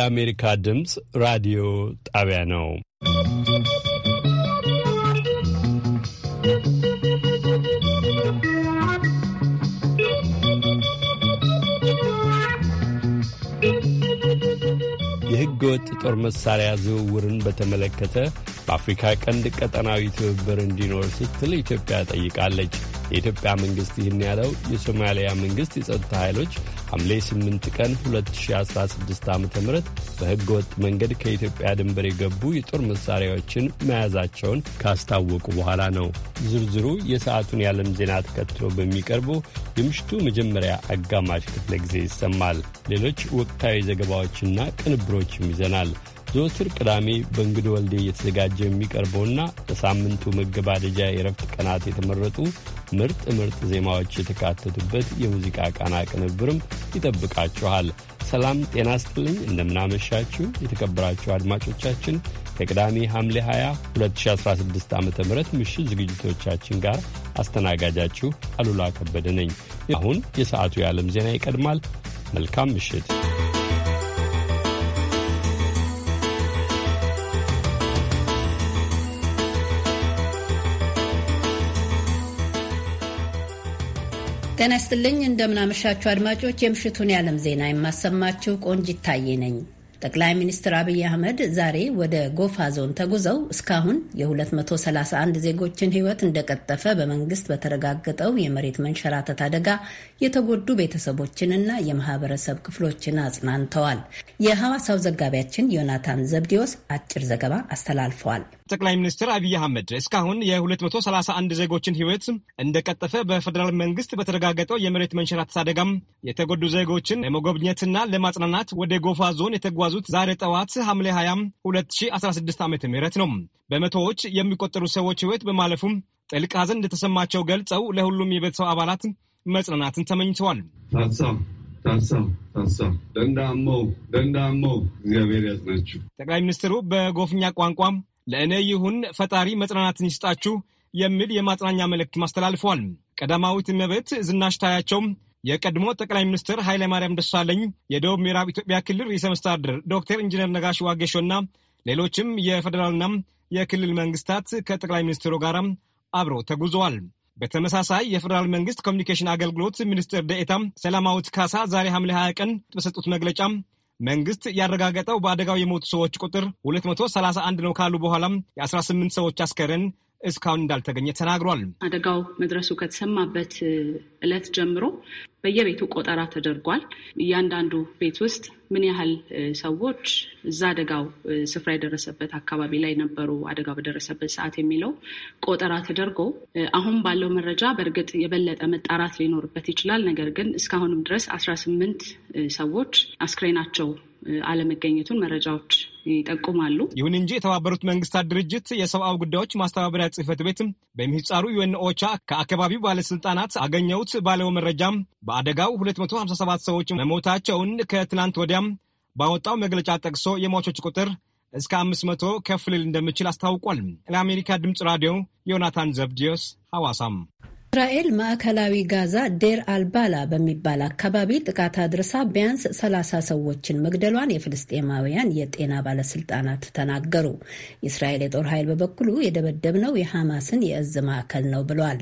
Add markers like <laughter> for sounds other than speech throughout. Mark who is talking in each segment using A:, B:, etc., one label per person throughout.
A: የአሜሪካ ድምፅ ራዲዮ ጣቢያ ነው። የሕገ ጦር መሳሪያ ዝውውርን በተመለከተ በአፍሪካ ቀንድ ቀጠናዊ ትብብር እንዲኖር ስትል ኢትዮጵያ ጠይቃለች። የኢትዮጵያ መንግሥት ይህን ያለው የሶማሊያ መንግሥት የጸጥታ ኃይሎች ሐምሌ 8 ቀን 2016 ዓ ም በሕገ ወጥ መንገድ ከኢትዮጵያ ድንበር የገቡ የጦር መሳሪያዎችን መያዛቸውን ካስታወቁ በኋላ ነው። ዝርዝሩ የሰዓቱን የዓለም ዜና ተከትሎ በሚቀርቡ የምሽቱ መጀመሪያ አጋማሽ ክፍለ ጊዜ ይሰማል። ሌሎች ወቅታዊ ዘገባዎችና ቅንብሮችም ይዘናል። ዘወትር ቅዳሜ በእንግዶ ወልዴ እየተዘጋጀ የሚቀርበውና በሳምንቱ መገባደጃ የረፍት ቀናት የተመረጡ ምርጥ ምርጥ ዜማዎች የተካተቱበት የሙዚቃ ቃና ቅንብርም ይጠብቃችኋል። ሰላም ጤና ስጥልኝ። እንደምናመሻችሁ የተከበራችሁ አድማጮቻችን ከቅዳሜ ሐምሌ 20 2016 ዓ ም ምሽት ዝግጅቶቻችን ጋር አስተናጋጃችሁ አሉላ ከበደ ነኝ። አሁን የሰዓቱ የዓለም ዜና ይቀድማል። መልካም ምሽት
B: ጤና ይስጥልኝ እንደምናመሻችሁ አድማጮች፣ የምሽቱን የዓለም ዜና የማሰማችሁ ቆንጅ ይታየ ነኝ። ጠቅላይ ሚኒስትር አብይ አህመድ ዛሬ ወደ ጎፋ ዞን ተጉዘው እስካሁን የ231 ዜጎችን ሕይወት እንደቀጠፈ በመንግስት በተረጋገጠው የመሬት መንሸራተት አደጋ የተጎዱ ቤተሰቦችንና የማህበረሰብ ክፍሎችን አጽናንተዋል። የሐዋሳው ዘጋቢያችን ዮናታን ዘብዲዮስ አጭር ዘገባ አስተላልፈዋል።
C: ጠቅላይ ሚኒስትር አብይ አህመድ እስካሁን የ231 ዜጎችን ሕይወት እንደቀጠፈ በፌዴራል መንግስት በተረጋገጠው የመሬት መንሸራተት አደጋም የተጎዱ ዜጎችን ለመጎብኘትና ለማጽናናት ወደ ጎፋ ዞን የተጓ የተያዙት ዛሬ ጠዋት ሐምሌ 20 2016 ዓ ም ነው። በመቶዎች የሚቆጠሩ ሰዎች ህይወት በማለፉም ጥልቅ ሐዘን እንደተሰማቸው ገልጸው ለሁሉም የቤተሰብ አባላት መጽናናትን ተመኝተዋል።
D: እግዚአብሔር ያጽናችሁ።
C: ጠቅላይ ሚኒስትሩ በጎፍኛ ቋንቋ ለእኔ ይሁን ፈጣሪ መጽናናትን ይስጣችሁ የሚል የማጽናኛ መልእክት ማስተላልፈዋል። ቀዳማዊት እመቤት ዝናሽ ታያቸው የቀድሞ ጠቅላይ ሚኒስትር ኃይለማርያም ደሳለኝ፣ የደቡብ ምዕራብ ኢትዮጵያ ክልል ርዕሰ መስተዳድር ዶክተር ኢንጂነር ነጋሽ ዋጌሾና ሌሎችም የፌዴራልና የክልል መንግስታት ከጠቅላይ ሚኒስትሩ ጋር አብረው ተጉዘዋል። በተመሳሳይ የፌዴራል መንግስት ኮሚኒኬሽን አገልግሎት ሚኒስትር ደኤታ ሰላማዊት ካሳ ዛሬ ሐምሌ 20 ቀን በሰጡት መግለጫ መንግስት ያረጋገጠው በአደጋው የሞቱ ሰዎች ቁጥር 231 ነው ካሉ በኋላም የ18 ሰዎች አስከሬን እስካሁን እንዳልተገኘ ተናግሯል።
E: አደጋው መድረሱ ከተሰማበት እለት ጀምሮ በየቤቱ ቆጠራ ተደርጓል። እያንዳንዱ ቤት ውስጥ ምን ያህል ሰዎች እዛ አደጋው ስፍራ የደረሰበት አካባቢ ላይ ነበሩ፣ አደጋው በደረሰበት ሰዓት የሚለው ቆጠራ ተደርጎ አሁን ባለው መረጃ በእርግጥ የበለጠ መጣራት ሊኖርበት ይችላል። ነገር ግን እስካሁንም ድረስ አስራ ስምንት ሰዎች አስክሬናቸው
C: አለመገኘቱን መረጃዎች ይጠቁማሉ። ይሁን እንጂ የተባበሩት መንግስታት ድርጅት የሰብአዊ ጉዳዮች ማስተባበሪያ ጽህፈት ቤት በምህጻሩ ዩኤን ኦቻ ከአካባቢው ባለስልጣናት አገኘሁት ባለው መረጃም በአደጋው 257 ሰዎች መሞታቸውን ከትናንት ወዲያም ባወጣው መግለጫ ጠቅሶ የሟቾች ቁጥር እስከ 500 ከፍ ሊል እንደሚችል አስታውቋል። ለአሜሪካ ድምፅ ራዲዮ ዮናታን ዘብዲዮስ ሐዋሳም
B: እስራኤል ማዕከላዊ ጋዛ ዴር አልባላ በሚባል አካባቢ ጥቃት አድርሳ ቢያንስ ሰላሳ ሰዎችን መግደሏን የፍልስጤማውያን የጤና ባለስልጣናት ተናገሩ። የእስራኤል የጦር ኃይል በበኩሉ የደበደብነው የሐማስን የእዝ ማዕከል ነው ብሏል።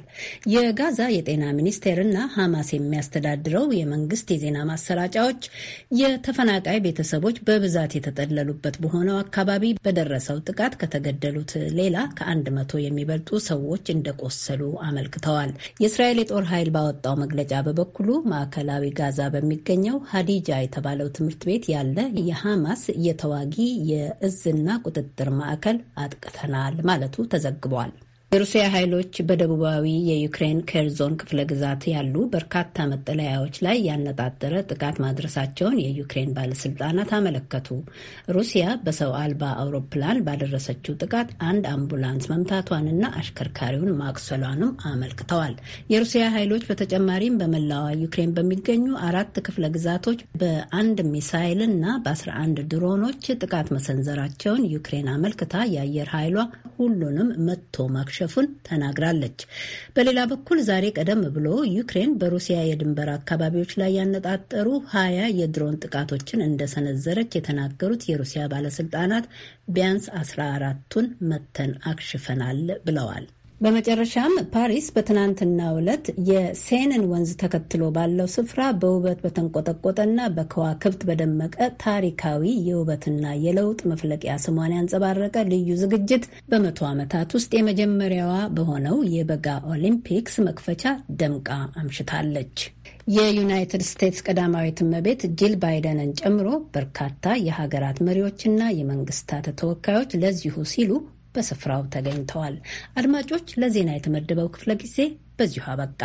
B: የጋዛ የጤና ሚኒስቴርና ሐማስ የሚያስተዳድረው የመንግስት የዜና ማሰራጫዎች የተፈናቃይ ቤተሰቦች በብዛት የተጠለሉበት በሆነው አካባቢ በደረሰው ጥቃት ከተገደሉት ሌላ ከአንድ መቶ የሚበልጡ ሰዎች እንደቆሰሉ አመልክተዋል። የእስራኤል የጦር ኃይል ባወጣው መግለጫ በበኩሉ ማዕከላዊ ጋዛ በሚገኘው ሀዲጃ የተባለው ትምህርት ቤት ያለ የሐማስ የተዋጊ የእዝና ቁጥጥር ማዕከል አጥቅተናል ማለቱ ተዘግቧል። የሩሲያ ኃይሎች በደቡባዊ የዩክሬን ከርዞን ክፍለ ግዛት ያሉ በርካታ መጠለያዎች ላይ ያነጣጠረ ጥቃት ማድረሳቸውን የዩክሬን ባለስልጣናት አመለከቱ። ሩሲያ በሰው አልባ አውሮፕላን ባደረሰችው ጥቃት አንድ አምቡላንስ መምታቷንና አሽከርካሪውን ማቁሰሏንም አመልክተዋል። የሩሲያ ኃይሎች በተጨማሪም በመላዋ ዩክሬን በሚገኙ አራት ክፍለ ግዛቶች በአንድ ሚሳይል እና በ11 ድሮኖች ጥቃት መሰንዘራቸውን ዩክሬን አመልክታ የአየር ኃይሏ ሁሉንም መጥቶ ማክሸ መክሸፉን ተናግራለች። በሌላ በኩል ዛሬ ቀደም ብሎ ዩክሬን በሩሲያ የድንበር አካባቢዎች ላይ ያነጣጠሩ ሀያ የድሮን ጥቃቶችን እንደሰነዘረች የተናገሩት የሩሲያ ባለስልጣናት ቢያንስ አስራ አራቱን መተን አክሽፈናል ብለዋል። በመጨረሻም ፓሪስ በትናንትና ዕለት የሴንን ወንዝ ተከትሎ ባለው ስፍራ በውበት በተንቆጠቆጠና በከዋክብት በደመቀ ታሪካዊ የውበትና የለውጥ መፍለቂያ ስሟን ያንጸባረቀ ልዩ ዝግጅት በመቶ ዓመታት ውስጥ የመጀመሪያዋ በሆነው የበጋ ኦሊምፒክስ መክፈቻ ደምቃ አምሽታለች። የዩናይትድ ስቴትስ ቀዳማዊት እመቤት ጂል ባይደንን ጨምሮ በርካታ የሀገራት መሪዎችና የመንግስታት ተወካዮች ለዚሁ ሲሉ በስፍራው ተገኝተዋል። አድማጮች፣ ለዜና የተመደበው ክፍለ ጊዜ በዚሁ አበቃ።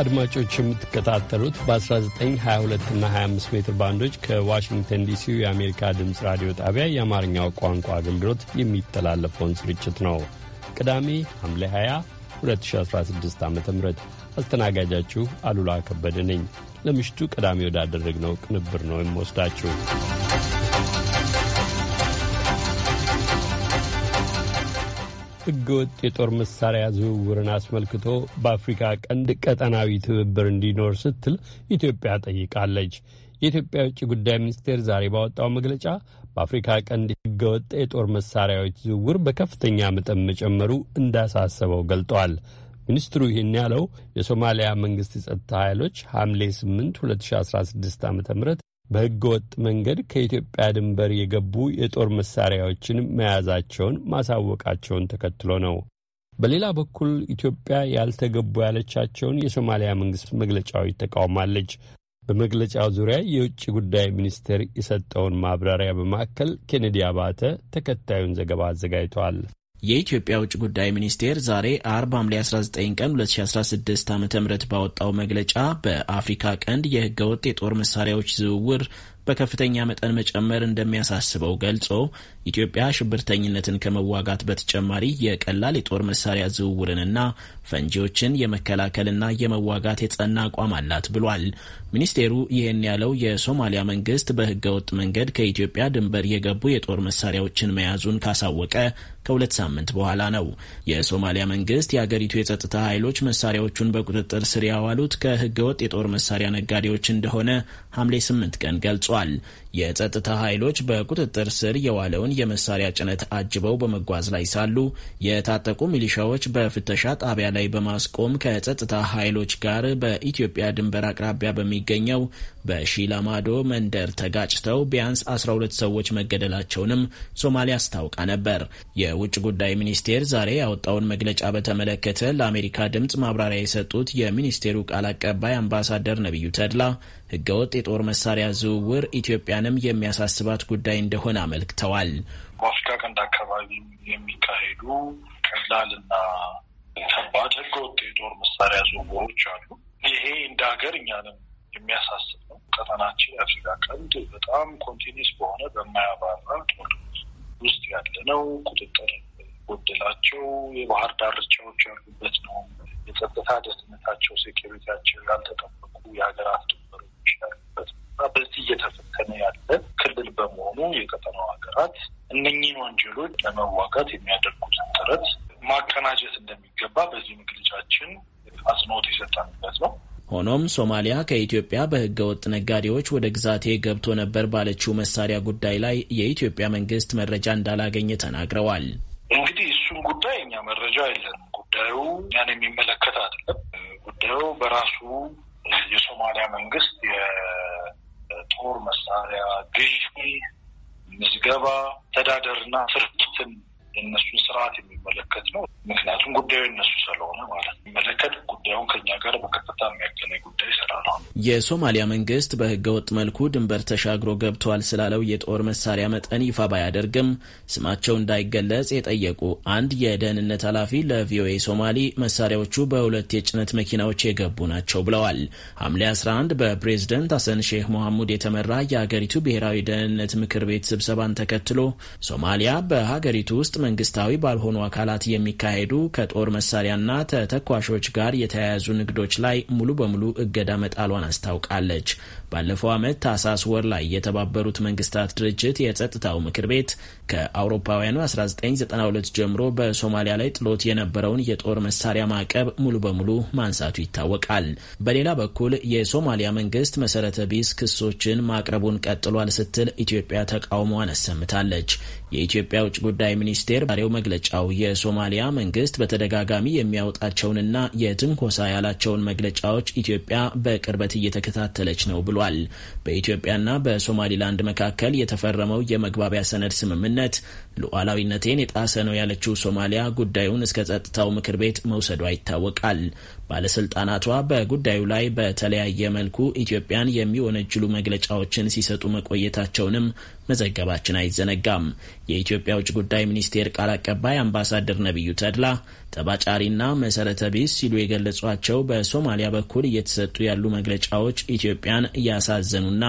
A: አድማጮች የምትከታተሉት በ1922 እና 25 ሜትር ባንዶች ከዋሽንግተን ዲሲ የአሜሪካ ድምፅ ራዲዮ ጣቢያ የአማርኛው ቋንቋ አገልግሎት የሚተላለፈውን ስርጭት ነው። ቅዳሜ ሐምሌ 20 2016 ዓ ም አስተናጋጃችሁ አሉላ ከበደ ነኝ። ለምሽቱ ቀዳሚ ወዳደረግነው ቅንብር ነው የምወስዳችሁ። ሕገወጥ የጦር መሳሪያ ዝውውርን አስመልክቶ በአፍሪካ ቀንድ ቀጠናዊ ትብብር እንዲኖር ስትል ኢትዮጵያ ጠይቃለች። የኢትዮጵያ ውጭ ጉዳይ ሚኒስቴር ዛሬ ባወጣው መግለጫ በአፍሪካ ቀንድ ሕገወጥ የጦር መሳሪያዎች ዝውውር በከፍተኛ መጠን መጨመሩ እንዳሳሰበው ገልጧል። ሚኒስትሩ ይህን ያለው የሶማሊያ መንግስት የጸጥታ ኃይሎች ሐምሌ 8 2016 ዓ ም በሕገ ወጥ መንገድ ከኢትዮጵያ ድንበር የገቡ የጦር መሳሪያዎችን መያዛቸውን ማሳወቃቸውን ተከትሎ ነው። በሌላ በኩል ኢትዮጵያ ያልተገቡ ያለቻቸውን የሶማሊያ መንግስት መግለጫዎች ተቃውማለች። በመግለጫው ዙሪያ የውጭ ጉዳይ ሚኒስቴር የሰጠውን ማብራሪያ በማዕከል ኬኔዲ አባተ ተከታዩን ዘገባ አዘጋጅቷል። የኢትዮጵያ ውጭ ጉዳይ ሚኒስቴር
F: ዛሬ አርብ ሐምሌ 19 ቀን 2016 ዓ ም ባወጣው መግለጫ በአፍሪካ ቀንድ የህገወጥ የጦር መሳሪያዎች ዝውውር በከፍተኛ መጠን መጨመር እንደሚያሳስበው ገልጾ ኢትዮጵያ ሽብርተኝነትን ከመዋጋት በተጨማሪ የቀላል የጦር መሳሪያ ዝውውርንና ፈንጂዎችን የመከላከልና የመዋጋት የጸና አቋም አላት ብሏል። ሚኒስቴሩ ይህን ያለው የሶማሊያ መንግስት በህገወጥ መንገድ ከኢትዮጵያ ድንበር የገቡ የጦር መሳሪያዎችን መያዙን ካሳወቀ ከሁለት ሳምንት በኋላ ነው። የሶማሊያ መንግስት የአገሪቱ የጸጥታ ኃይሎች መሳሪያዎቹን በቁጥጥር ስር ያዋሉት ከህገወጥ የጦር መሳሪያ ነጋዴዎች እንደሆነ ሐምሌ 8 ቀን ገልጿል። የጸጥታ ኃይሎች በቁጥጥር ስር የዋለውን የመሳሪያ ጭነት አጅበው በመጓዝ ላይ ሳሉ የታጠቁ ሚሊሻዎች በፍተሻ ጣቢያ ላይ በማስቆም ከጸጥታ ኃይሎች ጋር በኢትዮጵያ ድንበር አቅራቢያ በሚገኘው በሺላማዶ መንደር ተጋጭተው ቢያንስ 12 ሰዎች መገደላቸውንም ሶማሊያ አስታውቃ ነበር። የውጭ ጉዳይ ሚኒስቴር ዛሬ ያወጣውን መግለጫ በተመለከተ ለአሜሪካ ድምፅ ማብራሪያ የሰጡት የሚኒስቴሩ ቃል አቀባይ አምባሳደር ነቢዩ ተድላ ህገወጥ የጦር መሳሪያ ዝውውር ኢትዮጵያንም የሚያሳስባት ጉዳይ እንደሆነ አመልክተዋል። በአፍሪካ ቀንድ አካባቢ የሚካሄዱ ቀላልና
D: ከባድ ህገወጥ የጦር መሳሪያ ዝውውሮች አሉ። ይሄ እንደ ሀገር እኛንም የሚያሳስብ ነው። ቀጠናችን የአፍሪካ ቀንድ በጣም ኮንቲኒስ በሆነ በማያባራ ጦርነት ውስጥ ያለ ነው። ቁጥጥር ጎደላቸው የባህር ዳርቻዎች ያሉበት ነው። የጸጥታ ደህንነታቸው፣ ሴኪሪቲያቸው ያልተጠበቁ የሀገራት ድንበሮች ያሉበት እና በዚህ እየተፈተነ ያለ ክልል በመሆኑ የቀጠናው ሀገራት እነኚህን ወንጀሎች ለመዋጋት የሚያደርጉትን ጥረት
F: ማቀናጀት እንደሚገባ በዚህ መግለጫችን አጽንኦት የሰጠንበት ነው። ሆኖም ሶማሊያ ከኢትዮጵያ በህገወጥ ነጋዴዎች ወደ ግዛቴ ገብቶ ነበር ባለችው መሳሪያ ጉዳይ ላይ የኢትዮጵያ መንግስት መረጃ እንዳላገኘ ተናግረዋል።
D: እንግዲህ እሱን ጉዳይ እኛ መረጃ የለን። ጉዳዩ እኛን የሚመለከት አይደለም። ጉዳዩ በራሱ የሶማሊያ መንግስት የጦር መሳሪያ ግዢ፣ ምዝገባ፣ አስተዳደርና ስርጭትን የእነሱ ስርዓት የሚመለከት ነው። ምክንያቱም ጉዳዩ የእነሱ ስለሆነ ማለት የሚመለከት ጉዳዩን ከኛ ጋር በቀጥታ የሚያገናኝ ጉዳይ
F: ስራ ነው። የሶማሊያ መንግስት ወጥ መልኩ ድንበር ተሻግሮ ገብተዋል ስላለው የጦር መሳሪያ መጠን ይፋ ባያደርግም ስማቸው እንዳይገለጽ የጠየቁ አንድ የደህንነት ኃላፊ ለቪኦኤ ሶማሊ መሳሪያዎቹ በሁለት የጭነት መኪናዎች የገቡ ናቸው ብለዋል። ሐምሌ 11 በፕሬዝደንት ሐሰን ሼህ ሞሐሙድ የተመራ የሀገሪቱ ብሔራዊ ደህንነት ምክር ቤት ስብሰባን ተከትሎ ሶማሊያ በሀገሪቱ ውስጥ መንግስታዊ ባልሆኑ አካላት የሚካሄዱ ከጦር መሳሪያና ተተኳሾች ጋር የተያያዙ ንግዶች ላይ ሙሉ በሙሉ እገዳ መጣሏን አስታውቃለች። ባለፈው ዓመት ታህሳስ ወር ላይ የተባበሩት መንግስታት ድርጅት የጸጥታው ምክር ቤት ከአውሮፓውያኑ 1992 ጀምሮ በሶማሊያ ላይ ጥሎት የነበረውን የጦር መሳሪያ ማዕቀብ ሙሉ በሙሉ ማንሳቱ ይታወቃል። በሌላ በኩል የሶማሊያ መንግስት መሰረተ ቢስ ክሶችን ማቅረቡን ቀጥሏል ስትል ኢትዮጵያ ተቃውሞዋን አሰምታለች። የኢትዮጵያ ውጭ ጉዳይ ሚኒስቴር ዛሬው መግለጫው የሶማሊያ መንግስት በተደጋጋሚ የሚያወጣቸውንና የትንኮሳ ያላቸውን መግለጫዎች ኢትዮጵያ በቅርበት እየተከታተለች ነው ብሎ ብሏል። በኢትዮጵያና በሶማሊላንድ መካከል የተፈረመው የመግባቢያ ሰነድ ስምምነት ሉዓላዊነቴን የጣሰ ነው ያለችው ሶማሊያ ጉዳዩን እስከ ጸጥታው ምክር ቤት መውሰዷ ይታወቃል። ባለስልጣናቷ በጉዳዩ ላይ በተለያየ መልኩ ኢትዮጵያን የሚወነጅሉ መግለጫዎችን ሲሰጡ መቆየታቸውንም መዘገባችን አይዘነጋም። የኢትዮጵያ ውጭ ጉዳይ ሚኒስቴር ቃል አቀባይ አምባሳደር ነቢዩ ተድላ ጠባጫሪና መሰረተ ቢስ ሲሉ የገለጿቸው በሶማሊያ በኩል እየተሰጡ ያሉ መግለጫዎች ኢትዮጵያን እያሳዘኑና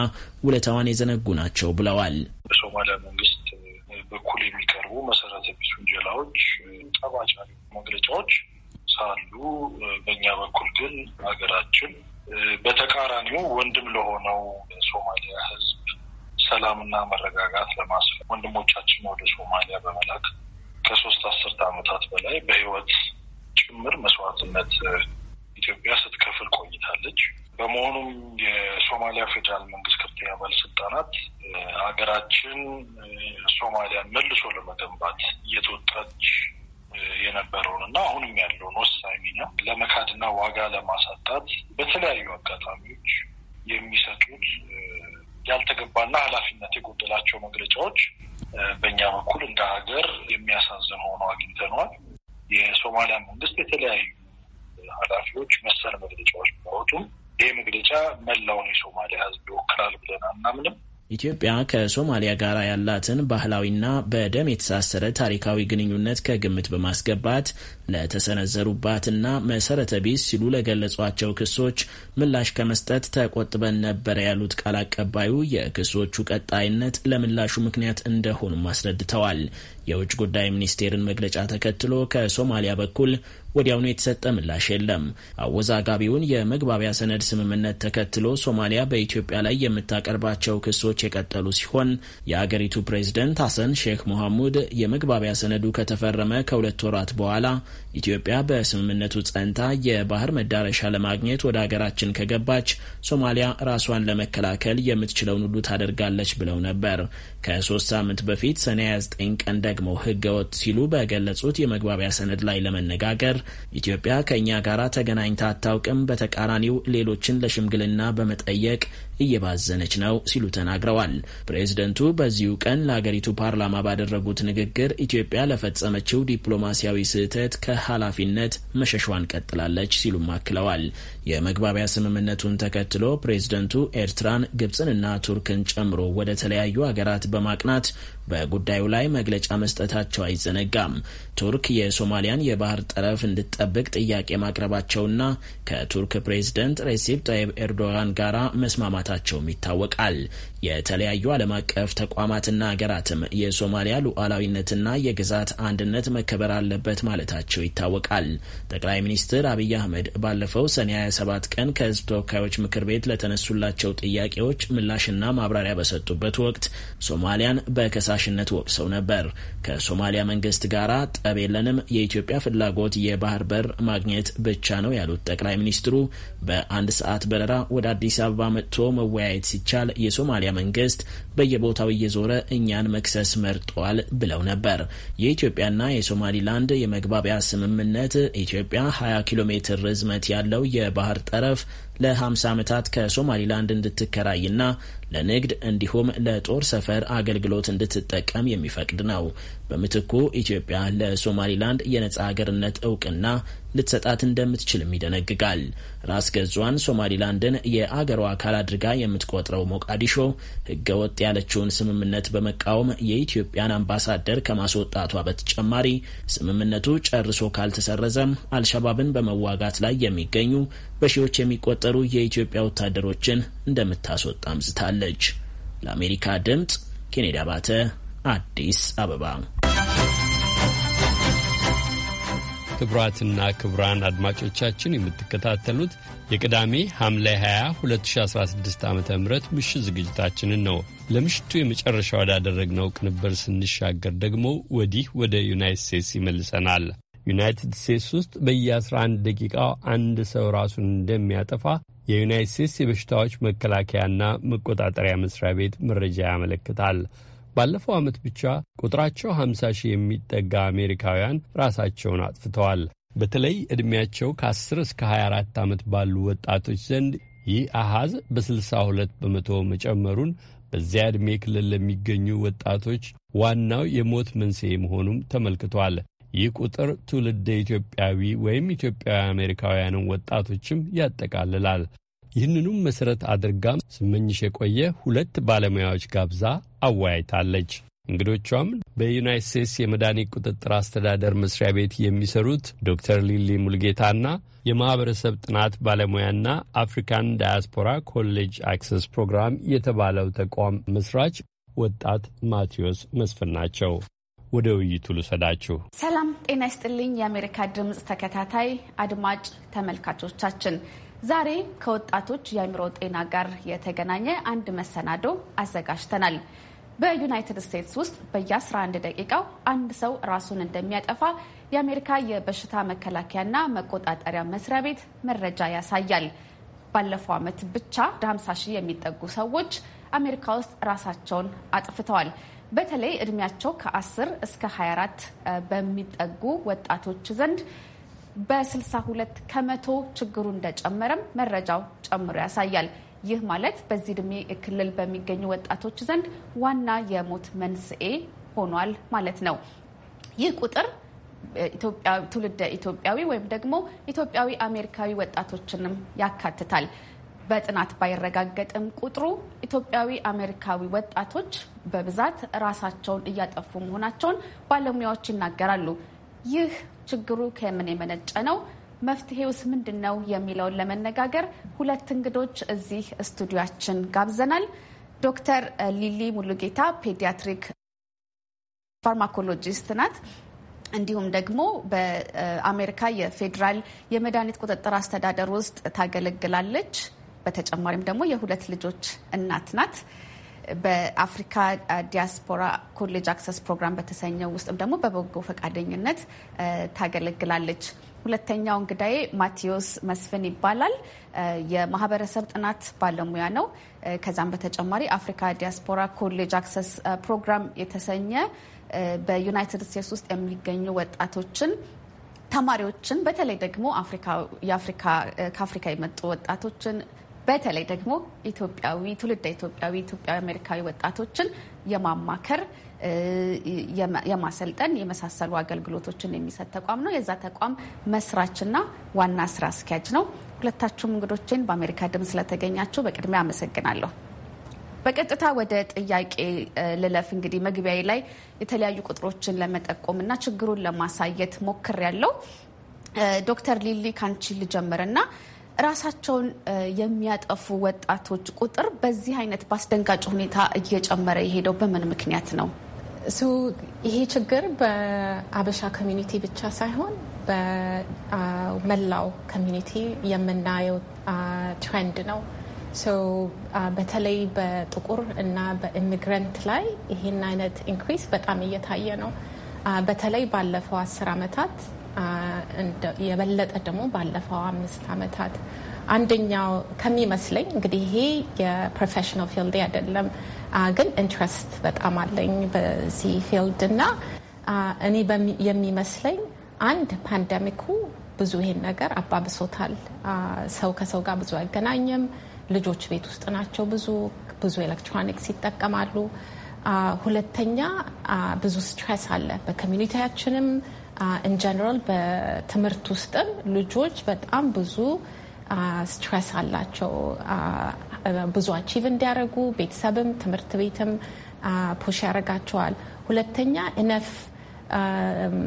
F: ውለታዋን የዘነጉ ናቸው ብለዋል።
D: በሶማሊያ መንግስት በኩል የሚቀርቡ መሰረተ ቢስ ውንጀላዎች፣ ጠባጫሪ መግለጫዎች ሳሉ በእኛ በኩል ግን ሀገራችን በተቃራኒው ወንድም ለሆነው ሰላምና መረጋጋት ለማስፈ ወንድሞቻችን ወደ ሶማሊያ በመላክ ከሶስት አስርት ዓመታት በላይ በህይወት ጭምር መስዋዕትነት
F: ኢትዮጵያ ከሶማሊያ ጋር ያላትን ባህላዊና በደም የተሳሰረ ታሪካዊ ግንኙነት ከግምት በማስገባት ለተሰነዘሩባትና መሰረተ ቢስ ሲሉ ለገለጿቸው ክሶች ምላሽ ከመስጠት ተቆጥበን ነበረ ያሉት ቃል አቀባዩ የክሶቹ ቀጣይነት ለምላሹ ምክንያት እንደሆኑም አስረድተዋል። የውጭ ጉዳይ ሚኒስቴርን መግለጫ ተከትሎ ከሶማሊያ በኩል ወዲያውኑ የተሰጠ ምላሽ የለም። አወዛጋቢውን የመግባቢያ ሰነድ ስምምነት ተከትሎ ሶማሊያ በኢትዮጵያ ላይ የምታቀርባቸው ክሶች የቀጠሉ ሲሆን የአገሪቱ ፕሬዝደንት ሐሰን ሼክ ሞሐሙድ የመግባቢያ ሰነዱ ከተፈረመ ከሁለት ወራት በኋላ ኢትዮጵያ በስምምነቱ ጸንታ የባህር መዳረሻ ለማግኘት ወደ አገራችን ከገባች ሶማሊያ ራሷን ለመከላከል የምትችለውን ሁሉ ታደርጋለች ብለው ነበር። ከሶስት ሳምንት በፊት ሰኔ 29 ቀን ደግሞ ህገወጥ ሲሉ በገለጹት የመግባቢያ ሰነድ ላይ ለመነጋገር ኢትዮጵያ ከእኛ ጋር ተገናኝታ አታውቅም፣ በተቃራኒው ሌሎችን ለሽምግልና በመጠየቅ እየባዘነች ነው ሲሉ ተናግረዋል። ፕሬዝደንቱ በዚሁ ቀን ለአገሪቱ ፓርላማ ባደረጉት ንግግር ኢትዮጵያ ለፈጸመችው ዲፕሎማሲያዊ ስህተት ከኃላፊነት መሸሿን ቀጥላለች ሲሉም አክለዋል። የመግባቢያ ስምምነቱን ተከትሎ ፕሬዝደንቱ ኤርትራን፣ ግብፅንና ቱርክን ጨምሮ ወደ ተለያዩ አገራት በማቅናት በጉዳዩ ላይ መግለጫ መስጠታቸው አይዘነጋም። ቱርክ የሶማሊያን የባህር ጠረፍ እንድትጠብቅ ጥያቄ ማቅረባቸውና ከቱርክ ፕሬዝደንት ሬሲፕ ጣይብ ኤርዶጋን ጋር መስማማታቸውም ይታወቃል። የተለያዩ ዓለም አቀፍ ተቋማትና ሀገራትም የሶማሊያ ሉዓላዊነትና የግዛት አንድነት መከበር አለበት ማለታቸው ይታወቃል። ጠቅላይ ሚኒስትር አብይ አህመድ ባለፈው ሰኔ 27 ቀን ከህዝብ ተወካዮች ምክር ቤት ለተነሱላቸው ጥያቄዎች ምላሽና ማብራሪያ በሰጡበት ወቅት ሶማሊያን በከሳሽነት ወቅሰው ነበር። ከሶማሊያ መንግስት ጋር ጠብ የለንም፣ የኢትዮጵያ ፍላጎት የባህር በር ማግኘት ብቻ ነው ያሉት ጠቅላይ ሚኒስትሩ በአንድ ሰዓት በረራ ወደ አዲስ አበባ መጥቶ መወያየት ሲቻል የሶማሊያ የሶማሊያ መንግስት በየቦታው እየዞረ እኛን መክሰስ መርጧል ብለው ነበር። የኢትዮጵያና የሶማሊላንድ የመግባቢያ ስምምነት ኢትዮጵያ 20 ኪሎ ሜትር ርዝመት ያለው የባህር ጠረፍ ለ50 ዓመታት ከሶማሊላንድ እንድትከራይና ለንግድ እንዲሁም ለጦር ሰፈር አገልግሎት እንድትጠቀም የሚፈቅድ ነው። በምትኩ ኢትዮጵያ ለሶማሊላንድ የነጻ ሀገርነት እውቅና ልትሰጣት እንደምትችልም ይደነግጋል። ራስ ገዟን ሶማሊላንድን የአገሯ አካል አድርጋ የምትቆጥረው ሞቃዲሾ ህገወጥ ያለችውን ስምምነት በመቃወም የኢትዮጵያን አምባሳደር ከማስወጣቷ በተጨማሪ ስምምነቱ ጨርሶ ካልተሰረዘም አልሸባብን በመዋጋት ላይ የሚገኙ በሺዎች የሚቆጠሩ የኢትዮጵያ ወታደሮችን እንደምታስወጣ አምዝታለች። ለአሜሪካ ድምጽ ኬኔዲ አባተ
A: አዲስ አበባ ክቡራትና ክቡራን አድማጮቻችን የምትከታተሉት የቅዳሜ ሐምሌ 20 2016 ዓ ም ምሽት ዝግጅታችንን ነው። ለምሽቱ የመጨረሻ ወዳደረግነው ቅንብር ስንሻገር ደግሞ ወዲህ ወደ ዩናይት ስቴትስ ይመልሰናል። ዩናይትድ ስቴትስ ውስጥ በየ11 ደቂቃው አንድ ሰው ራሱን እንደሚያጠፋ የዩናይት ስቴትስ የበሽታዎች መከላከያና መቆጣጠሪያ መስሪያ ቤት መረጃ ያመለክታል። ባለፈው ዓመት ብቻ ቁጥራቸው 50 ሺህ የሚጠጋ አሜሪካውያን ራሳቸውን አጥፍተዋል። በተለይ ዕድሜያቸው ከ10 እስከ 24 ዓመት ባሉ ወጣቶች ዘንድ ይህ አሃዝ በ62 በመቶ መጨመሩን በዚያ ዕድሜ ክልል ለሚገኙ ወጣቶች ዋናው የሞት መንስኤ መሆኑም ተመልክቷል። ይህ ቁጥር ትውልደ ኢትዮጵያዊ ወይም ኢትዮጵያዊ አሜሪካውያንን ወጣቶችም ያጠቃልላል። ይህንኑም መሠረት አድርጋም ስመኝሽ የቆየ ሁለት ባለሙያዎች ጋብዛ አወያይታለች። እንግዶቿም በዩናይት ስቴትስ የመድኃኒት ቁጥጥር አስተዳደር መስሪያ ቤት የሚሰሩት ዶክተር ሊሊ ሙልጌታና የማህበረሰብ ጥናት ባለሙያና አፍሪካን ዳያስፖራ ኮሌጅ አክሰስ ፕሮግራም የተባለው ተቋም መስራች ወጣት ማቴዎስ መስፍን ናቸው። ወደ ውይይቱ ልውሰዳችሁ።
E: ሰላም ጤና ይስጥልኝ። የአሜሪካ ድምፅ ተከታታይ አድማጭ ተመልካቾቻችን ዛሬ ከወጣቶች የአእምሮ ጤና ጋር የተገናኘ አንድ መሰናዶ አዘጋጅተናል። በዩናይትድ ስቴትስ ውስጥ በየ11 ደቂቃው አንድ ሰው ራሱን እንደሚያጠፋ የአሜሪካ የበሽታ መከላከያና መቆጣጠሪያ መስሪያ ቤት መረጃ ያሳያል። ባለፈው ዓመት ብቻ ወደ 50 ሺህ የሚጠጉ ሰዎች አሜሪካ ውስጥ ራሳቸውን አጥፍተዋል። በተለይ እድሜያቸው ከ10 እስከ 24 በሚጠጉ ወጣቶች ዘንድ በ62 ከመቶ ችግሩ እንደጨመረም መረጃው ጨምሮ ያሳያል። ይህ ማለት በዚህ እድሜ ክልል በሚገኙ ወጣቶች ዘንድ ዋና የሞት መንስኤ ሆኗል ማለት ነው። ይህ ቁጥር ትውልደ ኢትዮጵያዊ ወይም ደግሞ ኢትዮጵያዊ አሜሪካዊ ወጣቶችንም ያካትታል። በጥናት ባይረጋገጥም ቁጥሩ ኢትዮጵያዊ አሜሪካዊ ወጣቶች በብዛት ራሳቸውን እያጠፉ መሆናቸውን ባለሙያዎች ይናገራሉ። ይህ ችግሩ ከምን የመነጨ ነው፣ መፍትሄውስ ምንድን ነው የሚለውን ለመነጋገር ሁለት እንግዶች እዚህ ስቱዲያችን ጋብዘናል። ዶክተር ሊሊ ሙሉጌታ ፔዲያትሪክ ፋርማኮሎጂስት ናት። እንዲሁም ደግሞ በአሜሪካ የፌዴራል የመድኃኒት ቁጥጥር አስተዳደር ውስጥ ታገለግላለች። በተጨማሪም ደግሞ የሁለት ልጆች እናት ናት። በአፍሪካ ዲያስፖራ ኮሌጅ አክሰስ ፕሮግራም በተሰኘው ውስጥም ደግሞ በበጎ ፈቃደኝነት ታገለግላለች። ሁለተኛው እንግዳዬ ማቴዎስ መስፍን ይባላል። የማህበረሰብ ጥናት ባለሙያ ነው። ከዛም በተጨማሪ አፍሪካ ዲያስፖራ ኮሌጅ አክሰስ ፕሮግራም የተሰኘ በዩናይትድ ስቴትስ ውስጥ የሚገኙ ወጣቶችን ተማሪዎችን በተለይ ደግሞ ከአፍሪካ የመጡ ወጣቶችን በተለይ ደግሞ ኢትዮጵያዊ ትውልደ ኢትዮጵያዊ ኢትዮጵያዊ አሜሪካዊ ወጣቶችን የማማከር የማሰልጠን የመሳሰሉ አገልግሎቶችን የሚሰጥ ተቋም ነው። የዛ ተቋም መስራችና ዋና ስራ አስኪያጅ ነው። ሁለታችሁም እንግዶችን በአሜሪካ ድምፅ ስለተገኛችሁ በቅድሚያ አመሰግናለሁ። በቀጥታ ወደ ጥያቄ ልለፍ። እንግዲህ መግቢያዬ ላይ የተለያዩ ቁጥሮችን ለመጠቆምና ችግሩን ለማሳየት ሞክር ያለው ዶክተር ሊሊ ካንቺ ልጀምርና ራሳቸውን የሚያጠፉ ወጣቶች ቁጥር በዚህ አይነት በአስደንጋጭ ሁኔታ እየጨመረ የሄደው በምን ምክንያት ነው?
G: ይሄ ችግር በአበሻ ኮሚኒቲ ብቻ ሳይሆን በመላው ኮሚኒቲ የምናየው ትሬንድ ነው። በተለይ በጥቁር እና በኢሚግረንት ላይ ይሄን አይነት ኢንክሪስ በጣም እየታየ ነው። በተለይ ባለፈው አስር ዓመታት የበለጠ ደግሞ ባለፈው አምስት ዓመታት አንደኛው ከሚመስለኝ እንግዲህ ይሄ የፕሮፌሽናል ፊልድ አይደለም፣ ግን ኢንትረስት በጣም አለኝ በዚህ ፊልድ እና እኔ የሚመስለኝ አንድ ፓንደሚኩ ብዙ ይሄን ነገር አባብሶታል። ሰው ከሰው ጋር ብዙ አይገናኝም። ልጆች ቤት ውስጥ ናቸው። ብዙ ብዙ ኤሌክትሮኒክስ ይጠቀማሉ። ሁለተኛ ብዙ ስትሬስ አለ በኮሚኒቲያችንም ኢንጀነራል uh, በትምህርት ውስጥም ልጆች በጣም ብዙ ስትረስ uh, አላቸው። uh, ብዙ አቺቭ እንዲያደርጉ ቤተሰብም ትምህርት ቤትም ፑሽ ያደርጋቸዋል። ሁለተኛ ኢነፍ um,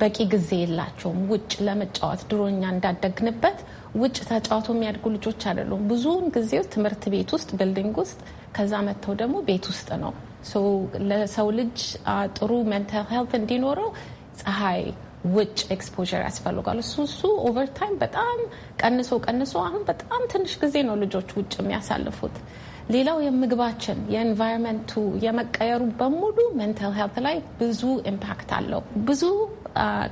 G: በቂ ጊዜ የላቸውም ውጭ ለመጫወት። ድሮኛ እንዳደግንበት ውጭ ተጫውተው የሚያድጉ ልጆች አይደሉም። ብዙውን ጊዜ ትምህርት ቤት ውስጥ ቢልዲንግ ውስጥ፣ ከዛ መጥተው ደግሞ ቤት ውስጥ ነው። ለሰው ልጅ ጥሩ ሜንታል ሄልት እንዲኖረው ፀሐይ ውጭ ኤክስፖዠር ያስፈልጋል። እሱ እሱ ኦቨርታይም በጣም ቀንሶ ቀንሶ አሁን በጣም ትንሽ ጊዜ ነው ልጆች ውጭ የሚያሳልፉት። ሌላው የምግባችን የኤንቫይሮንመንቱ የመቀየሩ በሙሉ ሜንታል ሄልት ላይ ብዙ ኢምፓክት አለው። ብዙ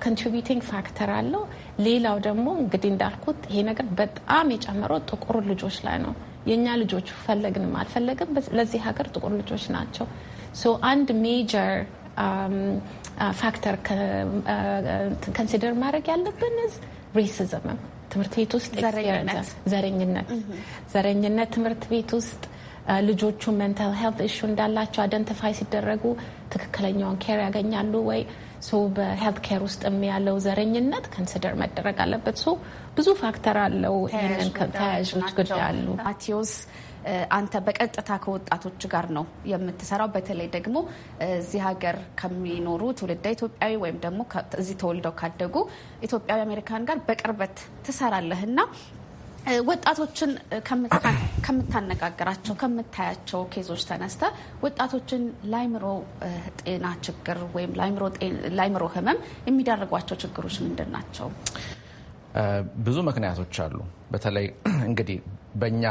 G: ኮንትሪቢዩቲንግ ፋክተር አለው። ሌላው ደግሞ እንግዲህ እንዳልኩት ይሄ ነገር በጣም የጨመረው ጥቁር ልጆች ላይ ነው። የእኛ ልጆች ፈለግንም አልፈለግም ለዚህ ሀገር ጥቁር ልጆች ናቸው። ሶ አንድ ሜጀር ፋክተር ከንሲደር ማድረግ ያለብን ሬሲዝምም ትምህርት ቤት ውስጥ ዘረኝነት ዘረኝነት ትምህርት ቤት ውስጥ ልጆቹ ሜንታል ሄልት እሹ እንዳላቸው አደንቲፋይ ሲደረጉ ትክክለኛውን ኬር ያገኛሉ ወይ? በሄልት ኬር ውስጥ ያለው ዘረኝነት ከንስደር
E: መደረግ አለበት። ብዙ ፋክተር አለው። ይህንን ጉዳይ አሉ። ማቴዎስ አንተ በቀጥታ ከወጣቶች ጋር ነው የምትሰራው። በተለይ ደግሞ እዚህ ሀገር ከሚኖሩ ትውልደ ኢትዮጵያዊ ወይም ደግሞ እዚህ ተወልደው ካደጉ ኢትዮጵያዊ አሜሪካን ጋር በቅርበት ትሰራለህ እና ወጣቶችን ከምታነጋግራቸው ከምታያቸው ኬዞች ተነስተ ወጣቶችን ለአይምሮ ጤና ችግር ወይም ላይምሮ ህመም የሚዳርጓቸው ችግሮች ምንድን ናቸው?
H: ብዙ ምክንያቶች አሉ። በተለይ <clears throat> እንግዲህ በእኛ